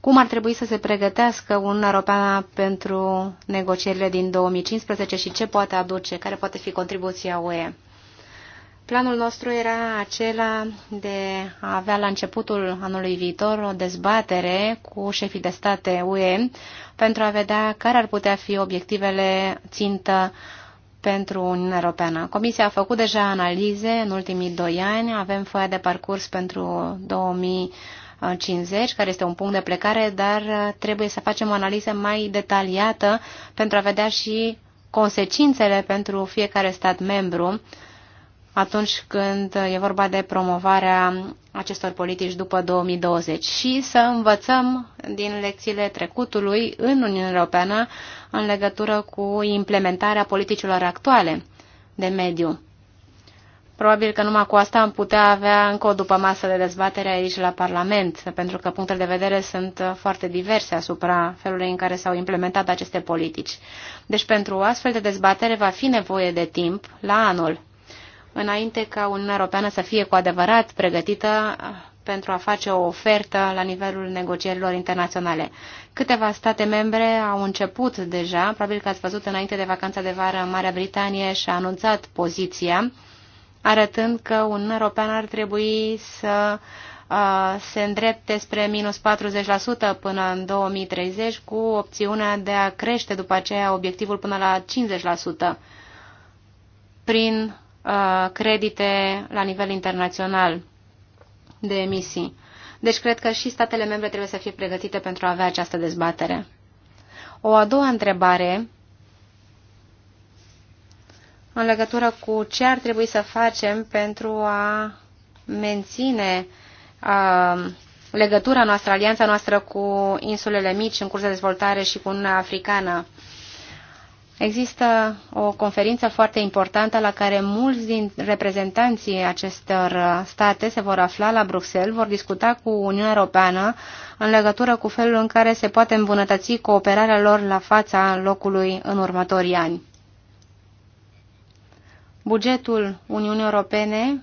cum ar trebui să se pregătească Uniunea Europeană pentru negocierile din 2015 și ce poate aduce, care poate fi contribuția UE. Planul nostru era acela de a avea la începutul anului viitor o dezbatere cu șefii de state UE pentru a vedea care ar putea fi obiectivele țintă pentru Uniunea Europeană. Comisia a făcut deja analize în ultimii doi ani, avem foaia de parcurs pentru 2050, care este un punct de plecare, dar trebuie să facem o analiză mai detaliată pentru a vedea și consecințele pentru fiecare stat membru atunci când e vorba de promovarea acestor politici după 2020 și să învățăm din lecțiile trecutului în Uniunea Europeană în legătură cu implementarea politicilor actuale de mediu. Probabil că numai cu asta am putea avea încă o după masă de dezbatere aici la Parlament, pentru că punctele de vedere sunt foarte diverse asupra felului în care s-au implementat aceste politici. Deci pentru o astfel de dezbatere va fi nevoie de timp la anul înainte ca Uniunea Europeană să fie cu adevărat pregătită pentru a face o ofertă la nivelul negocierilor internaționale. Câteva state membre au început deja, probabil că ați văzut înainte de vacanța de vară, Marea Britanie și-a anunțat poziția, arătând că Uniunea Europeană ar trebui să uh, se îndrepte spre minus 40% până în 2030, cu opțiunea de a crește după aceea obiectivul până la 50% prin Uh, credite la nivel internațional de emisii. Deci cred că și statele membre trebuie să fie pregătite pentru a avea această dezbatere. O a doua întrebare în legătură cu ce ar trebui să facem pentru a menține a, uh, legătura noastră, alianța noastră cu insulele mici în curs de dezvoltare și cu Uniunea Africană. Există o conferință foarte importantă la care mulți din reprezentanții acestor uh, state se vor afla la Bruxelles, vor discuta cu Uniunea Europeană în legătură cu felul în care se poate îmbunătăți cooperarea lor la fața locului în următorii ani. Bugetul Uniunii Europene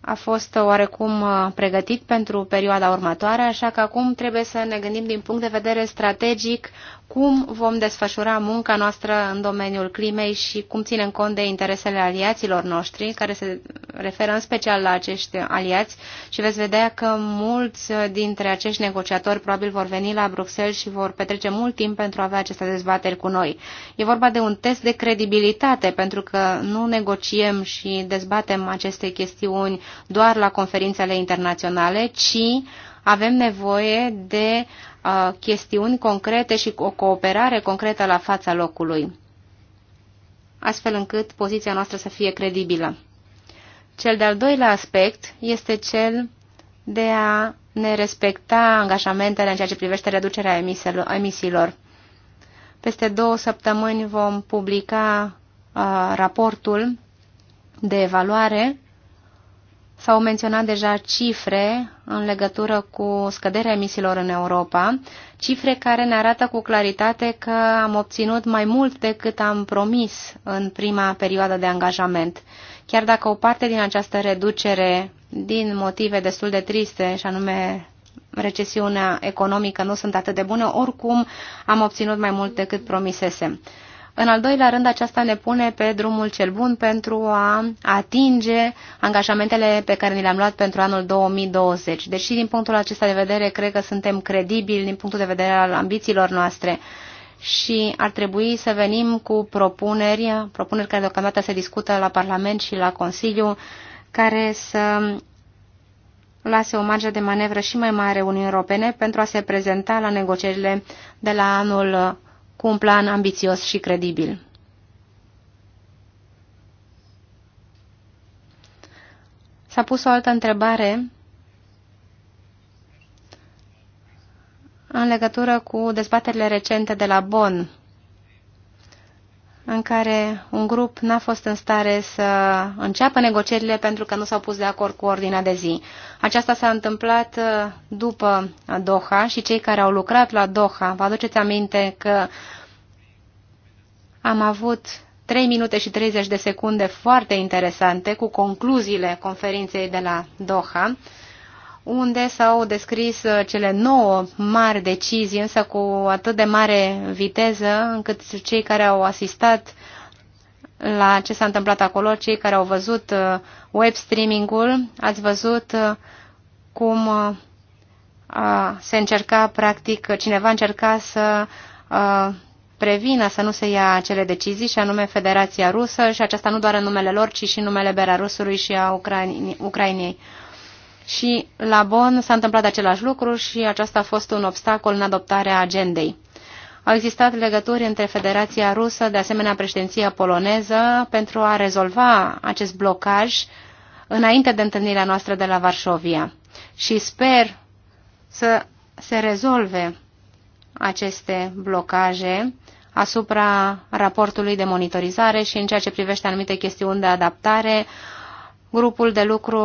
a fost oarecum uh, pregătit pentru perioada următoare, așa că acum trebuie să ne gândim din punct de vedere strategic cum vom desfășura munca noastră în domeniul climei și cum ținem cont de interesele aliaților noștri, care se referă în special la acești aliați și veți vedea că mulți dintre acești negociatori probabil vor veni la Bruxelles și vor petrece mult timp pentru a avea aceste dezbateri cu noi. E vorba de un test de credibilitate, pentru că nu negociem și dezbatem aceste chestiuni doar la conferințele internaționale, ci avem nevoie de chestiuni concrete și o cooperare concretă la fața locului, astfel încât poziția noastră să fie credibilă. Cel de-al doilea aspect este cel de a ne respecta angajamentele în ceea ce privește reducerea emisiilor. Peste două săptămâni vom publica uh, raportul de evaluare S-au menționat deja cifre în legătură cu scăderea emisiilor în Europa, cifre care ne arată cu claritate că am obținut mai mult decât am promis în prima perioadă de angajament. Chiar dacă o parte din această reducere, din motive destul de triste, și anume recesiunea economică, nu sunt atât de bune, oricum am obținut mai mult decât promisesem. În al doilea rând, aceasta ne pune pe drumul cel bun pentru a atinge angajamentele pe care ni le-am luat pentru anul 2020. Deși din punctul acesta de vedere cred că suntem credibili din punctul de vedere al ambițiilor noastre și ar trebui să venim cu propuneri, propuneri care deocamdată se discută la Parlament și la Consiliu, care să lase o marge de manevră și mai mare Uniunii Europene pentru a se prezenta la negocierile de la anul cu un plan ambițios și credibil. S-a pus o altă întrebare în legătură cu dezbaterile recente de la Bonn în care un grup n-a fost în stare să înceapă negocierile pentru că nu s-au pus de acord cu ordinea de zi. Aceasta s-a întâmplat uh, după Doha și cei care au lucrat la Doha, vă aduceți aminte că am avut 3 minute și 30 de secunde foarte interesante cu concluziile conferinței de la Doha unde s-au descris uh, cele nouă mari decizii, însă cu atât de mare viteză încât cei care au asistat la ce s-a întâmplat acolo, cei care au văzut uh, web streaming-ul, ați văzut uh, cum se încerca, practic, cineva încerca să prevină să nu se ia acele decizii, și anume Federația Rusă, și aceasta nu doar în numele lor, ci și în numele Belarusului și a Ucrainei. Și la Bonn s-a întâmplat același lucru și aceasta a fost un obstacol în adoptarea agendei. Au existat legături între Federația Rusă, de asemenea președinția poloneză, pentru a rezolva acest blocaj înainte de întâlnirea noastră de la Varșovia. Și sper să se rezolve aceste blocaje asupra raportului de monitorizare și în ceea ce privește anumite chestiuni de adaptare Grupul de lucru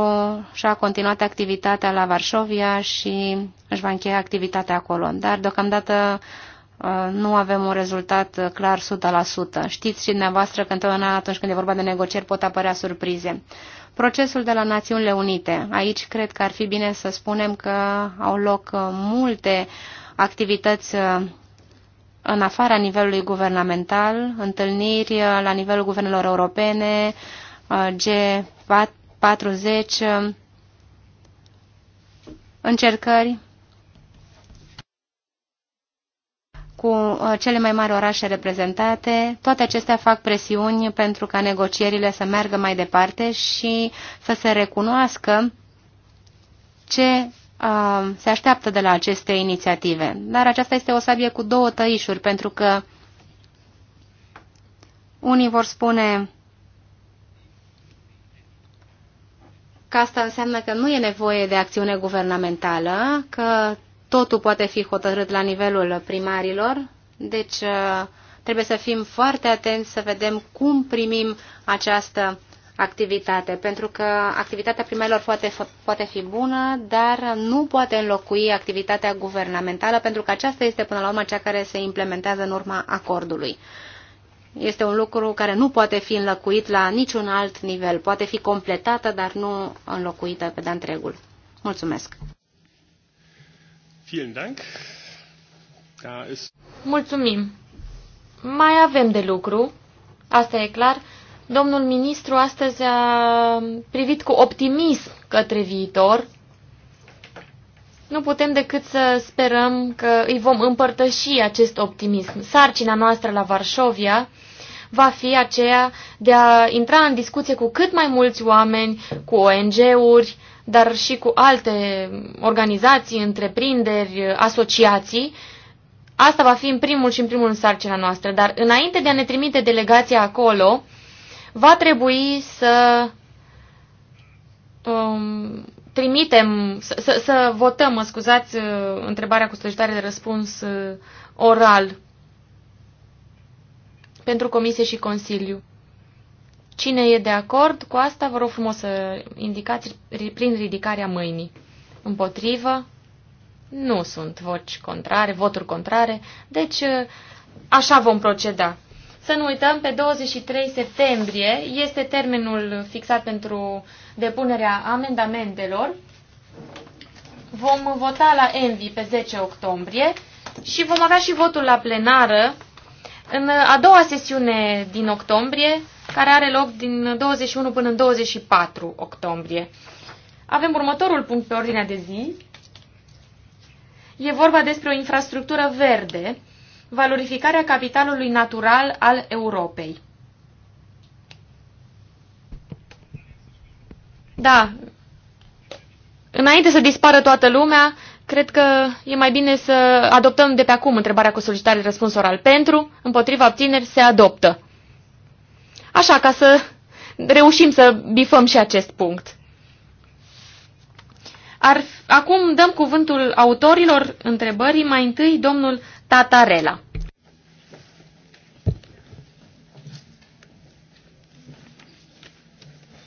și-a continuat activitatea la Varșovia și își va încheia activitatea acolo. Dar deocamdată uh, nu avem un rezultat uh, clar 100%. Știți și dumneavoastră că întotdeauna atunci când e vorba de negocieri pot apărea surprize. Procesul de la Națiunile Unite. Aici cred că ar fi bine să spunem că au loc uh, multe activități în afara nivelului guvernamental, întâlniri la nivelul guvernelor europene, G20, 40 încercări cu uh, cele mai mari orașe reprezentate. Toate acestea fac presiuni pentru ca negocierile să meargă mai departe și să se recunoască ce uh, se așteaptă de la aceste inițiative. Dar aceasta este o sabie cu două tăișuri, pentru că unii vor spune că asta înseamnă că nu e nevoie de acțiune guvernamentală, că totul poate fi hotărât la nivelul primarilor, deci uh, trebuie să fim foarte atenți să vedem cum primim această activitate, pentru că activitatea primarilor poate, poate fi bună, dar nu poate înlocui activitatea guvernamentală, pentru că aceasta este până la urmă cea care se implementează în urma acordului. Este un lucru care nu poate fi înlocuit la niciun alt nivel. Poate fi completată, dar nu înlocuită pe de întregul. Mulțumesc! Da, Mulțumim! Mai avem de lucru, asta e clar. Domnul ministru astăzi a privit cu optimism către viitor nu putem decât să sperăm că îi vom împărtăși acest optimism. Sarcina noastră la Varșovia va fi aceea de a intra în discuție cu cât mai mulți oameni, cu ONG-uri, dar și cu alte organizații, întreprinderi, asociații. Asta va fi în primul și în primul în sarcina noastră, dar înainte de a ne trimite delegația acolo, va trebui să um, trimitem, să, să, să votăm, mă scuzați, uh, întrebarea cu solicitare de răspuns uh, oral pentru Comisie și Consiliu. Cine e de acord cu asta, vă rog frumos să indicați prin ridicarea mâinii. Împotrivă? Nu sunt voci contrare, voturi contrare, deci uh, așa vom proceda. Să nu uităm, pe 23 septembrie este termenul fixat pentru uh, depunerea amendamentelor. Vom vota la Envi pe 10 octombrie și vom avea și votul la plenară în a doua sesiune din octombrie, care are loc din 21 până în 24 octombrie. Avem următorul punct pe ordinea de zi. E vorba despre o infrastructură verde, valorificarea capitalului natural al Europei. Da, înainte să dispară toată lumea, cred că e mai bine să adoptăm de pe acum întrebarea cu solicitare răspuns oral. Pentru, împotriva obțineri, se adoptă. Așa, ca să reușim să bifăm și acest punct. Ar, acum dăm cuvântul autorilor întrebării, mai întâi domnul Tatarela.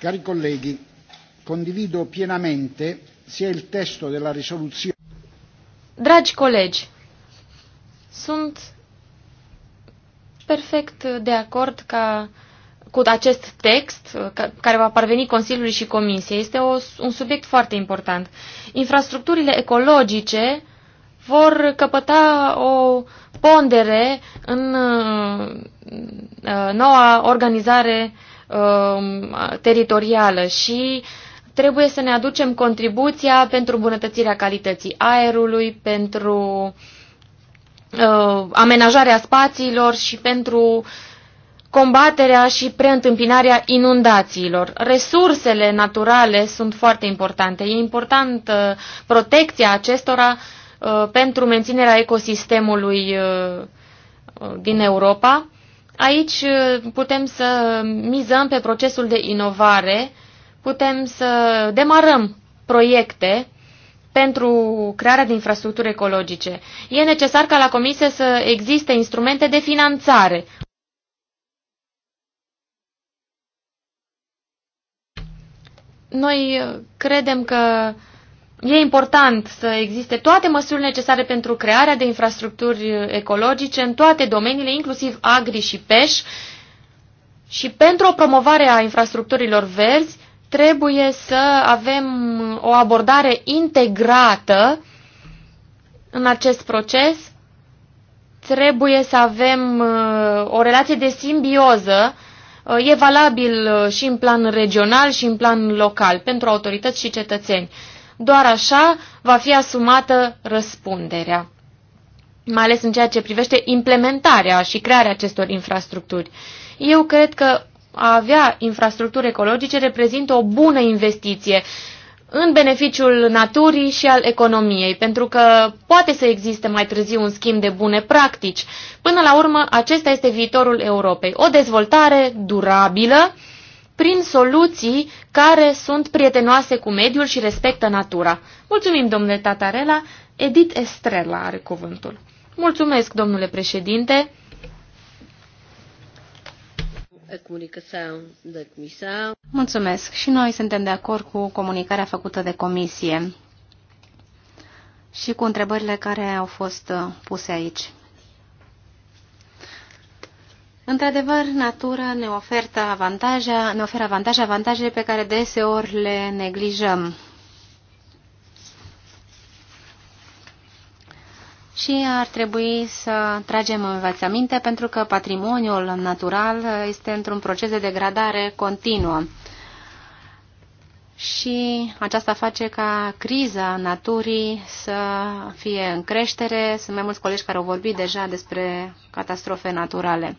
Cari colleghi, Condivido pienamente sia il testo della risoluzione. Dragi colegi, sunt perfect de acord ca cu acest text care va parveni Consiliului și Comisiei. Este o, un subiect foarte important. Infrastructurile ecologice vor căpăta o pondere în uh, uh noua organizare uh, teritorială și uh, trebuie să ne aducem contribuția pentru bunătățirea calității aerului, pentru uh, amenajarea spațiilor și pentru combaterea și preîntâmpinarea inundațiilor. Resursele naturale sunt foarte importante. E importantă uh, protecția acestora uh, pentru menținerea ecosistemului uh, din Europa. Aici uh, putem să mizăm pe procesul de inovare uh, putem să demarăm proiecte pentru crearea de infrastructuri ecologice. E necesar ca la comisie să existe instrumente de finanțare. Noi uh, credem că e important să existe toate măsurile necesare pentru crearea de infrastructuri uh, ecologice în toate domeniile, inclusiv agri și peș, și pentru o promovare a infrastructurilor verzi, trebuie să avem o abordare integrată în acest proces, trebuie să avem uh, o relație de simbioză, uh, e valabil uh, și în plan regional și în plan local pentru autorități și cetățeni. Doar așa va fi asumată răspunderea, mai ales în ceea ce privește implementarea și crearea acestor infrastructuri. Eu cred că a avea infrastructuri ecologice reprezintă o bună investiție în beneficiul naturii și al economiei, pentru că poate să existe mai târziu un schimb de bune practici. Până la urmă, acesta este viitorul Europei. O dezvoltare durabilă prin soluții care sunt prietenoase cu mediul și respectă natura. Mulțumim, domnule Tatarela. Edith Estrela are cuvântul. Mulțumesc, domnule președinte. Mulțumesc. Și noi suntem de acord cu comunicarea făcută de comisie și cu întrebările care au fost uh, puse aici. Într-adevăr, natura ne oferă avantaje, ne oferă avantaje, avantaje pe care deseori le neglijăm. și ar trebui să tragem învățăminte pentru că patrimoniul natural este într-un proces de degradare continuă. Și aceasta face ca criza naturii să fie în creștere. Sunt mai mulți colegi care au vorbit deja despre catastrofe naturale.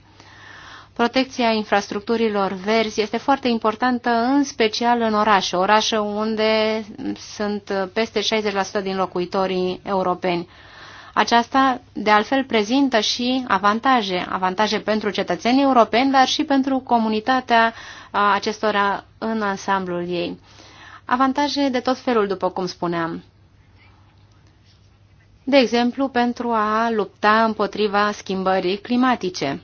Protecția infrastructurilor verzi este foarte importantă, în special în orașe, orașe unde sunt peste 60% din locuitorii europeni. Aceasta, de altfel, prezintă și avantaje, avantaje pentru cetățenii europeni, dar și pentru comunitatea acestora în ansamblul ei. Avantaje de tot felul, după cum spuneam. De exemplu, pentru a lupta împotriva schimbării climatice.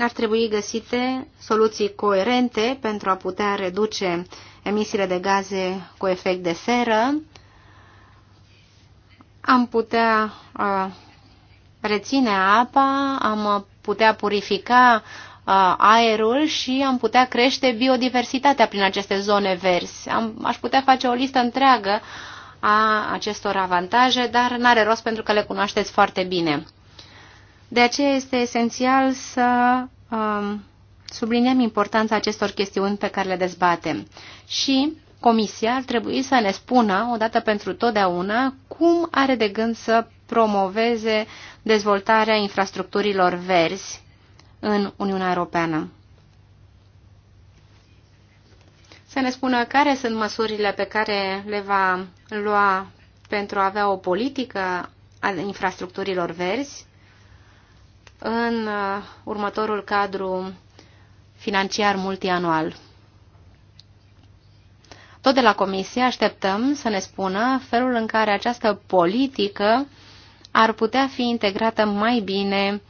ar trebui găsite soluții coerente pentru a putea reduce emisiile de gaze cu efect de seră, am putea reține apa, am putea purifica aerul și am putea crește biodiversitatea prin aceste zone verzi. Am, aș putea face o listă întreagă a acestor avantaje, dar n-are rost pentru că le cunoașteți foarte bine. De aceea este esențial să uh, subliniem importanța acestor chestiuni pe care le dezbatem și Comisia ar trebui să ne spună, odată pentru totdeauna, cum are de gând să promoveze dezvoltarea infrastructurilor verzi în Uniunea Europeană. Să ne spună care sunt măsurile pe care le va lua pentru a avea o politică a infrastructurilor verzi în uh, următorul cadru financiar multianual. Tot de la Comisie așteptăm să ne spună felul în care această politică ar putea fi integrată mai bine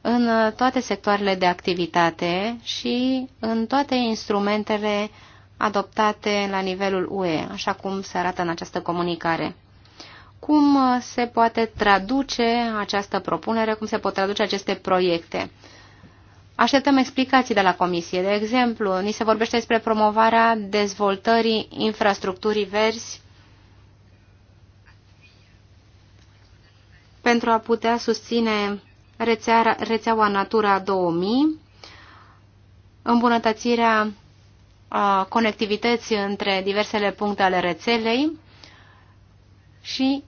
în toate sectoarele de activitate și în toate instrumentele adoptate la nivelul UE, așa cum se arată în această comunicare. Cum se poate traduce această propunere, cum se pot traduce aceste proiecte? Așteptăm explicații de la Comisie. De exemplu, ni se vorbește despre promovarea dezvoltării infrastructurii verzi pentru a putea susține rețea, rețeaua Natura 2000, îmbunătățirea a, conectivității între diversele puncte ale rețelei și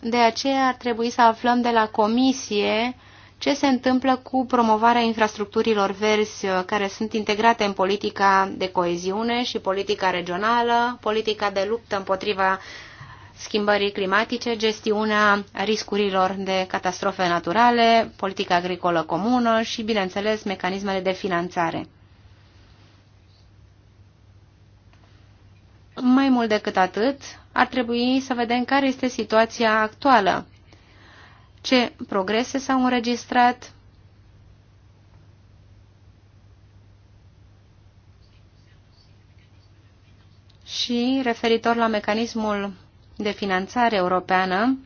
de aceea ar trebui să aflăm de la Comisie ce se întâmplă cu promovarea infrastructurilor verzi uh, care sunt integrate în politica de coeziune și politica regională, politica de luptă împotriva schimbării climatice, gestiunea riscurilor de catastrofe naturale, politica agricolă comună și, bineînțeles, mecanismele de finanțare. Mai mult decât atât, ar trebui să vedem care este situația actuală ce progrese s-au înregistrat, și referitor la mecanismul de finanțare europeană,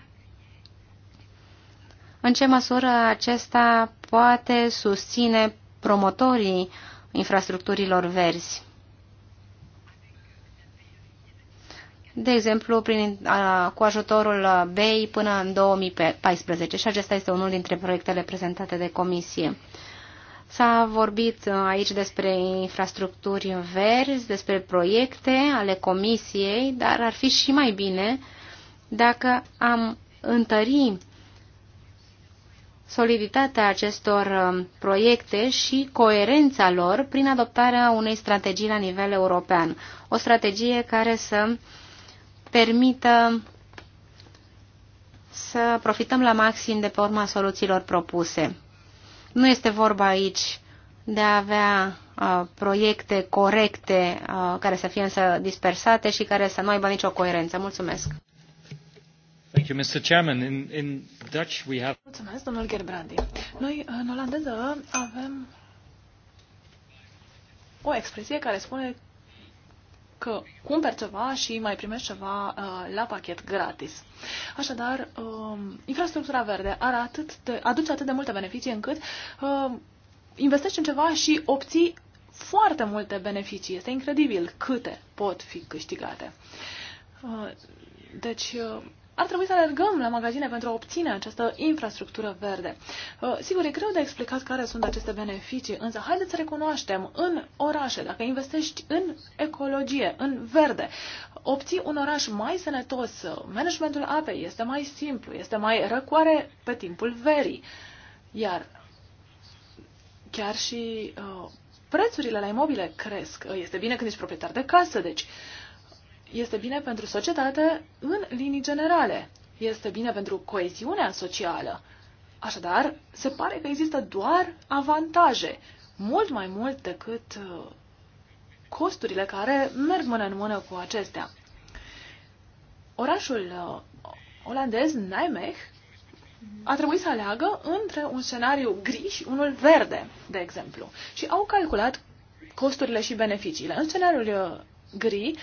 în ce măsură acesta poate susține promotorii infrastructurilor verzi. de exemplu, prin, a, cu ajutorul BEI până în 2014 și acesta este unul dintre proiectele prezentate de comisie. S-a vorbit aici despre infrastructuri verzi, despre proiecte ale comisiei, dar ar fi și mai bine dacă am întări soliditatea acestor proiecte și coerența lor prin adoptarea unei strategii la nivel european. O strategie care să permită să profităm la maxim de pe urma soluțiilor propuse. Nu este vorba aici de a avea uh, proiecte corecte uh, care să fie însă dispersate și care să nu aibă nicio coerență. Mulțumesc! Thank you, Mr. Chairman. In, in Dutch we have... Mulțumesc, domnul Gerbrandi. Noi, în olandeză, avem o expresie care spune că cumperi ceva și mai primești ceva uh, la pachet gratis. Așadar, uh, infrastructura verde are atât de, aduce atât de multe beneficii încât uh, investești în ceva și obții foarte multe beneficii. Este incredibil câte pot fi câștigate. Uh, deci, uh, ar trebui să alergăm la magazine pentru a obține această infrastructură verde. Uh, sigur, e greu de explicat care sunt aceste beneficii, însă haideți să recunoaștem, în orașe, dacă investești în ecologie, în verde, obții un oraș mai sănătos, uh, managementul apei este mai simplu, este mai răcoare pe timpul verii, iar chiar și uh, prețurile la imobile cresc. Uh, este bine când ești proprietar de casă, deci uh, este bine pentru societate în linii generale. Este bine pentru coeziunea socială. Așadar, se pare că există doar avantaje, mult mai mult decât uh, costurile care merg mână în mână cu acestea. Orașul uh, olandez Nijmegen a trebuit să aleagă între un scenariu gri și unul verde, de exemplu, și au calculat costurile și beneficiile. În scenariul uh, gri,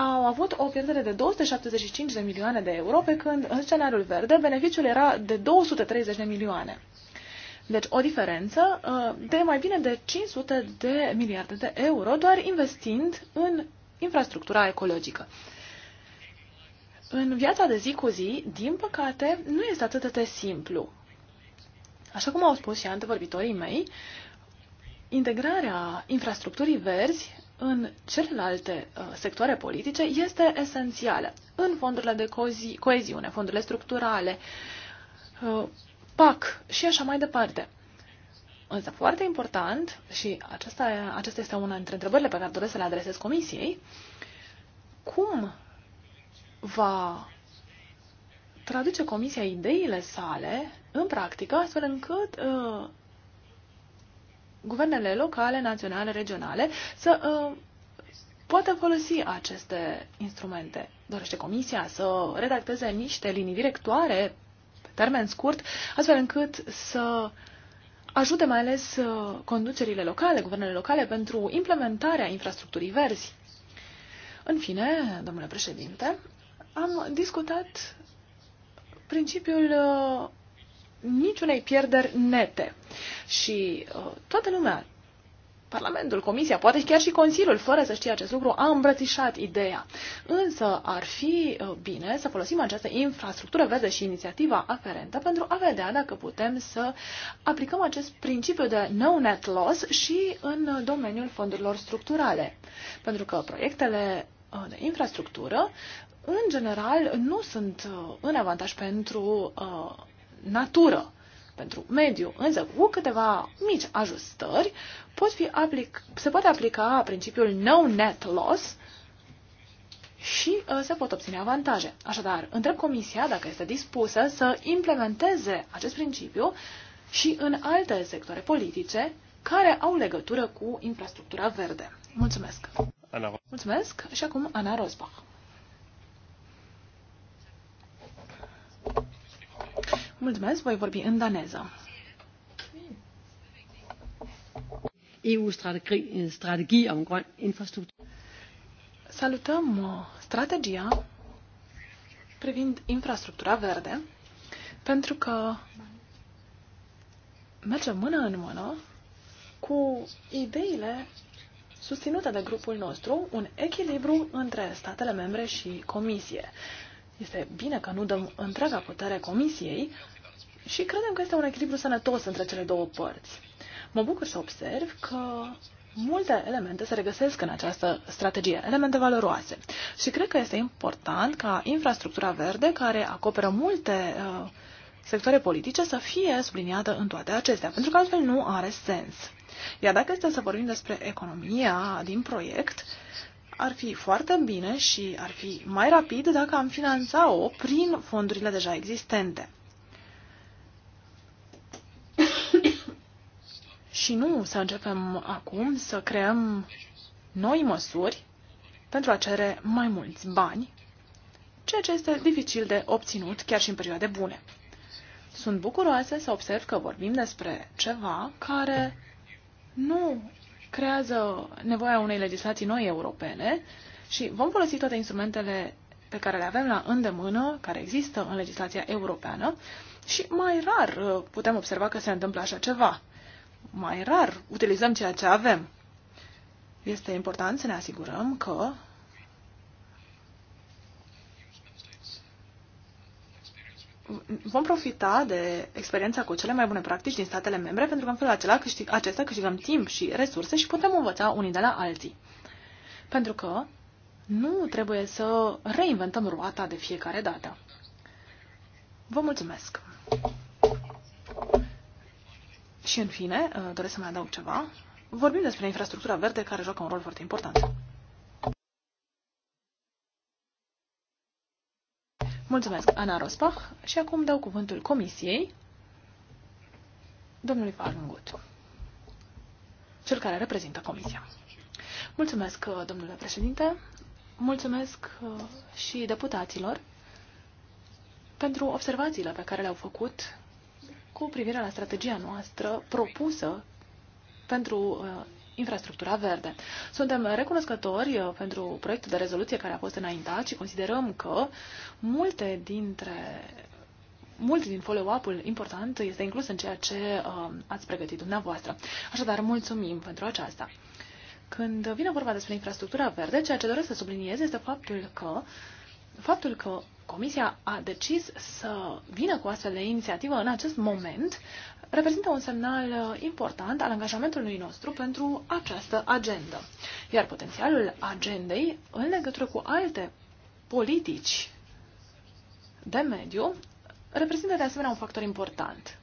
au avut o pierdere de 275 de milioane de euro, pe când în scenariul verde beneficiul era de 230 de milioane. Deci o diferență uh, de mai bine de 500 de miliarde de euro doar investind în infrastructura ecologică. În viața de zi cu zi, din păcate, nu este atât de simplu. Așa cum au spus și antevorbitorii mei, integrarea infrastructurii verzi în celelalte uh, sectoare politice este esențială. În fondurile de coeziune, fondurile structurale, uh, PAC și așa mai departe. Însă foarte important, și aceasta, aceasta este una dintre întrebările pe care doresc să le adresez Comisiei, cum va traduce Comisia ideile sale în practică, astfel încât uh, guvernele locale, naționale, regionale să uh, poată folosi aceste instrumente. Dorește Comisia să redacteze niște linii directoare pe termen scurt, astfel încât să ajute mai ales uh, conducerile locale, guvernele locale, pentru implementarea infrastructurii verzi. În fine, domnule președinte, am discutat principiul uh, niciunei pierderi nete. Și uh, toată lumea, Parlamentul, Comisia, poate chiar și Consiliul, fără să știe acest lucru, a îmbrățișat ideea. Însă ar fi uh, bine să folosim această infrastructură verde și inițiativa aferentă pentru a vedea dacă putem să aplicăm acest principiu de no net loss și în domeniul fondurilor structurale. Pentru că proiectele uh, de infrastructură, în general, nu sunt uh, în avantaj pentru uh, natură, pentru mediu. Însă, cu câteva mici ajustări, pot fi aplic- se poate aplica principiul no net loss și uh, se pot obține avantaje. Așadar, întreb Comisia dacă este dispusă să implementeze acest principiu și în alte sectoare politice care au legătură cu infrastructura verde. Mulțumesc! Ana. Mulțumesc și acum Ana Rosbach. Mulțumesc, voi vorbi în daneză. EU-strategie om grøn infrastruktur. Salutăm uh, strategia privind infrastructura verde, pentru că merge mână în mână cu ideile susținute de grupul nostru un echilibru între statele membre și comisie. Este bine că nu dăm întreaga putere comisiei și credem că este un echilibru sănătos între cele două părți. Mă bucur să observ că multe elemente se regăsesc în această strategie, elemente valoroase. Și cred că este important ca infrastructura verde, care acoperă multe uh, sectoare politice, să fie subliniată în toate acestea, pentru că altfel nu are sens. Iar dacă este să vorbim despre economia din proiect, ar fi foarte bine și ar fi mai rapid dacă am finanța-o prin fondurile deja existente. și nu să începem acum să creăm noi măsuri pentru a cere mai mulți bani, ceea ce este dificil de obținut chiar și în perioade bune. Sunt bucuroasă să observ că vorbim despre ceva care nu creează nevoia unei legislații noi europene și vom folosi toate instrumentele pe care le avem la îndemână, care există în legislația europeană și mai rar uh, putem observa că se întâmplă așa ceva. Mai rar utilizăm ceea ce avem. Este important să ne asigurăm că vom profita de experiența cu cele mai bune practici din statele membre, pentru că în felul acela câștig, acesta câștigăm timp și resurse și putem învăța unii de la alții. Pentru că nu trebuie să reinventăm roata de fiecare dată. Vă mulțumesc! Și în fine, uh, doresc să mai adaug ceva. Vorbim despre infrastructura verde care joacă un rol foarte important. Mulțumesc, Ana Rospach. Și acum dau cuvântul Comisiei, domnului Farngut, cel care reprezintă Comisia. Mulțumesc, uh, domnule președinte. Mulțumesc uh, și deputaților pentru observațiile pe care le-au făcut cu privire la strategia noastră propusă pentru uh, infrastructura verde. Suntem recunoscători uh, pentru proiectul de rezoluție care a fost înaintat și considerăm că multe dintre mult din follow-up-ul important este inclus în ceea ce uh, ați pregătit dumneavoastră. Așadar, mulțumim pentru aceasta. Când vine vorba despre infrastructura verde, ceea ce doresc să subliniez este faptul că faptul că Comisia a decis să vină cu astfel de inițiativă în acest moment reprezintă un semnal uh, important al angajamentului nostru pentru această agendă. Iar potențialul agendei în legătură cu alte politici de mediu reprezintă de asemenea un factor important.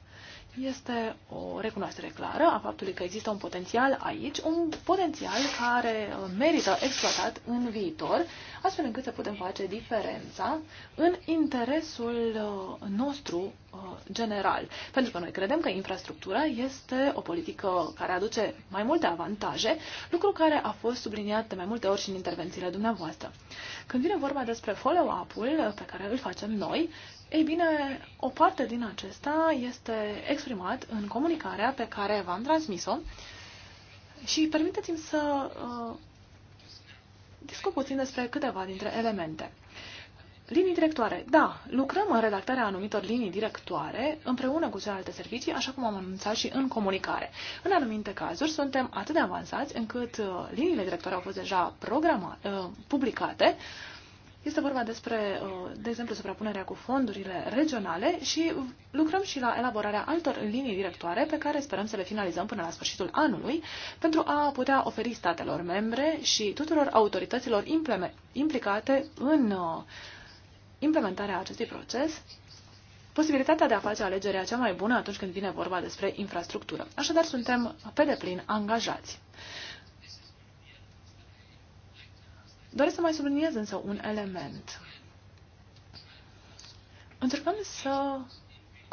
Este o recunoaștere clară a faptului că există un potențial aici, un potențial care uh, merită exploatat în viitor, astfel încât să putem face diferența în interesul uh, nostru uh, general. Pentru că noi credem că infrastructura este o politică care aduce mai multe avantaje, lucru care a fost subliniat de mai multe ori și în intervențiile dumneavoastră. Când vine vorba despre follow-up-ul pe care îl facem noi, ei bine, o parte din acesta este exprimat în comunicarea pe care v-am transmis-o și permiteți-mi să uh, discut puțin despre câteva dintre elemente. Linii directoare. Da, lucrăm în redactarea anumitor linii directoare împreună cu celelalte servicii, așa cum am anunțat și în comunicare. În anumite cazuri suntem atât de avansați încât uh, liniile directoare au fost deja programate, uh, publicate. Este vorba despre, uh, de exemplu, suprapunerea cu fondurile regionale și lucrăm și la elaborarea altor linii directoare pe care sperăm să le finalizăm până la sfârșitul anului pentru a putea oferi statelor membre și tuturor autorităților implicate în uh, implementarea acestui proces posibilitatea de a face alegerea cea mai bună atunci când vine vorba despre infrastructură. Așadar, suntem pe deplin angajați. Doresc să mai subliniez însă un element. Încercăm să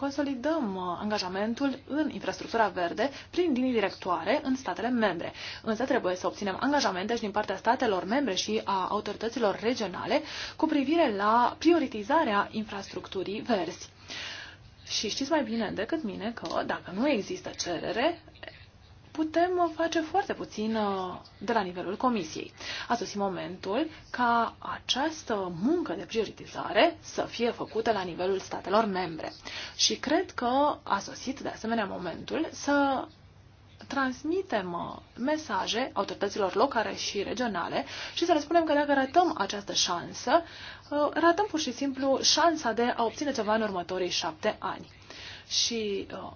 consolidăm uh, angajamentul în infrastructura verde prin linii directoare în statele membre. Însă trebuie să obținem angajamente și din partea statelor membre și a autorităților regionale cu privire la prioritizarea infrastructurii verzi. Și știți mai bine decât mine că dacă nu există cerere, putem face foarte puțin uh, de la nivelul comisiei. A sosit momentul ca această muncă de prioritizare să fie făcută la nivelul statelor membre. Și cred că a sosit de asemenea momentul să transmitem uh, mesaje autorităților locale și regionale și să le spunem că dacă ratăm această șansă, uh, ratăm pur și simplu șansa de a obține ceva în următorii șapte ani. Și uh,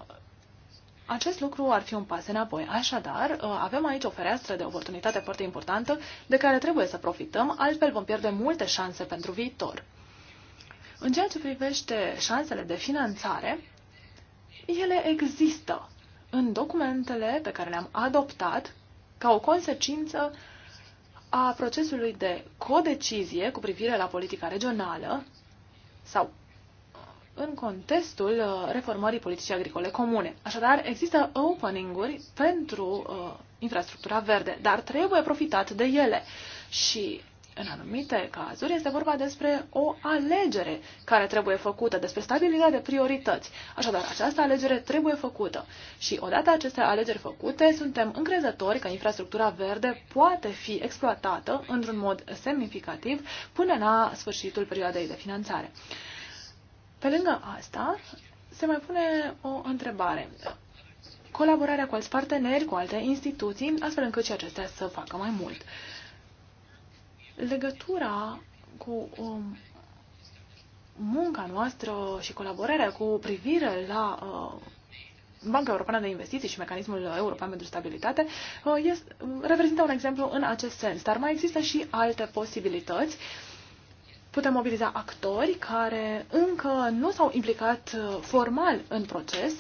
acest lucru ar fi un pas înapoi. Așadar, uh, avem aici o fereastră de oportunitate foarte importantă de care trebuie să profităm, altfel vom pierde multe șanse pentru viitor. În ceea ce privește șansele de finanțare, ele există în documentele pe care le-am adoptat ca o consecință a procesului de codecizie cu privire la politica regională sau în contextul uh, reformării politicii agricole comune. Așadar, există opening-uri pentru uh, infrastructura verde, dar trebuie profitat de ele. Și în anumite cazuri este vorba despre o alegere care trebuie făcută, despre stabilirea de priorități. Așadar, această alegere trebuie făcută și odată aceste alegeri făcute, suntem încrezători că infrastructura verde poate fi exploatată într-un mod semnificativ până la sfârșitul perioadei de finanțare. Pe lângă asta, se mai pune o întrebare. Colaborarea cu alți parteneri, cu alte instituții, astfel încât și acestea să facă mai mult. Legătura cu um, munca noastră și colaborarea cu privire la uh, Banca Europeană de Investiții și Mecanismul European pentru Stabilitate uh, este, reprezintă un exemplu în acest sens, dar mai există și alte posibilități putem mobiliza actori care încă nu s-au implicat uh, formal în proces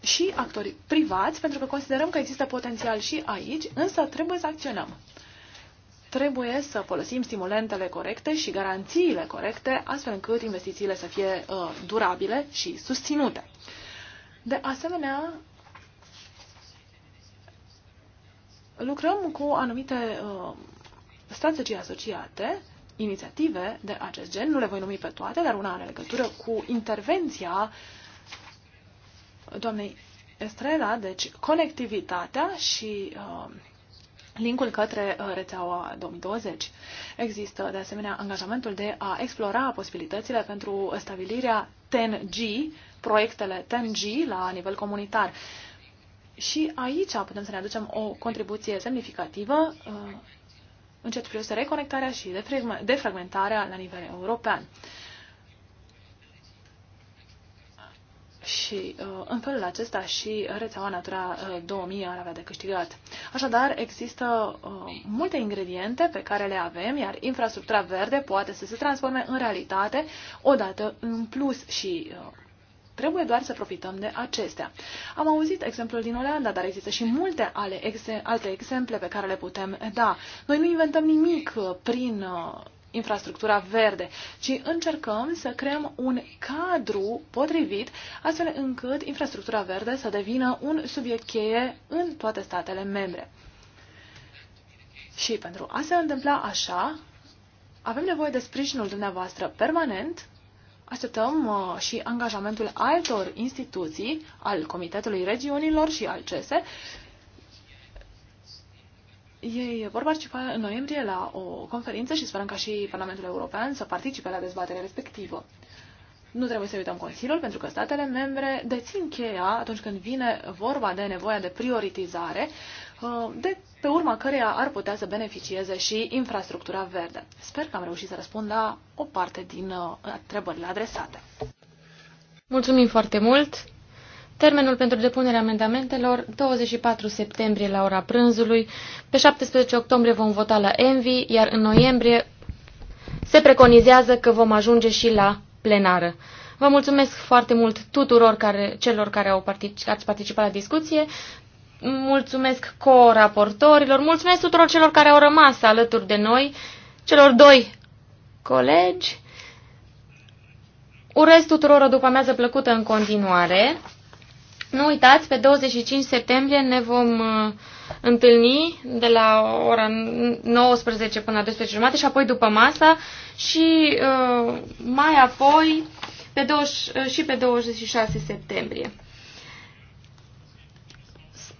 și actori privați, pentru că considerăm că există potențial și aici, însă trebuie să acționăm. Trebuie să folosim stimulentele corecte și garanțiile corecte, astfel încât investițiile să fie uh, durabile și susținute. De asemenea, lucrăm cu anumite uh, strategii asociate inițiative de acest gen, nu le voi numi pe toate, dar una are legătură cu intervenția doamnei Estrela, deci conectivitatea și uh, linkul către uh, rețeaua 2020. Există, de asemenea, angajamentul de a explora posibilitățile pentru stabilirea TNG, proiectele TNG la nivel comunitar. Și aici putem să ne aducem o contribuție semnificativă uh, încet ceea ce reconectarea și defragmentarea la nivel european. și uh, în felul acesta și rețeaua Natura 2000 uh, ar avea de câștigat. Așadar, există uh, multe ingrediente pe care le avem, iar infrastructura verde poate să se transforme în realitate odată în plus și uh, Trebuie doar să profităm de acestea. Am auzit exemplul din Olanda, dar există și multe ale exe- alte exemple pe care le putem da. Noi nu inventăm nimic uh, prin uh, infrastructura verde, ci încercăm să creăm un cadru potrivit astfel încât infrastructura verde să devină un subiect cheie în toate statele membre. Și pentru a se întâmpla așa, avem nevoie de sprijinul dumneavoastră permanent Așteptăm uh, și angajamentul altor instituții, al Comitetului Regiunilor și al CESE. Ei vor participa în noiembrie la o conferință și sperăm ca și Parlamentul European să participe la dezbaterea respectivă. Nu trebuie să uităm Consiliul, pentru că statele membre dețin cheia atunci când vine vorba de nevoia de prioritizare Uh, de pe urma căreia ar putea să beneficieze și infrastructura verde. Sper că am reușit să răspund la o parte din uh, întrebările adresate. Mulțumim foarte mult! Termenul pentru depunerea amendamentelor, 24 septembrie la ora prânzului, pe 17 octombrie vom vota la ENVI, iar în noiembrie se preconizează că vom ajunge și la plenară. Vă mulțumesc foarte mult tuturor care, celor care au particip, ați participat la discuție mulțumesc co-raportorilor, mulțumesc tuturor celor care au rămas alături de noi, celor doi colegi. Urez tuturor o după amiază plăcută în continuare. Nu uitați, pe 25 septembrie ne vom uh, întâlni de la ora 19 până la 12 jumate și apoi după masa și uh, mai apoi pe 20, uh, și pe 26 septembrie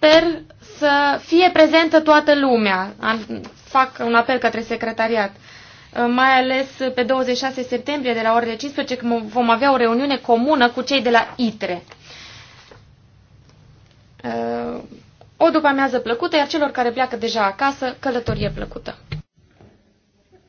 sper să fie prezentă toată lumea. Fac un apel către secretariat uh, mai ales pe 26 septembrie de la orele 15, când vom avea o reuniune comună cu cei de la ITRE. Uh, o după amiază plăcută, iar celor care pleacă deja acasă, călătorie plăcută.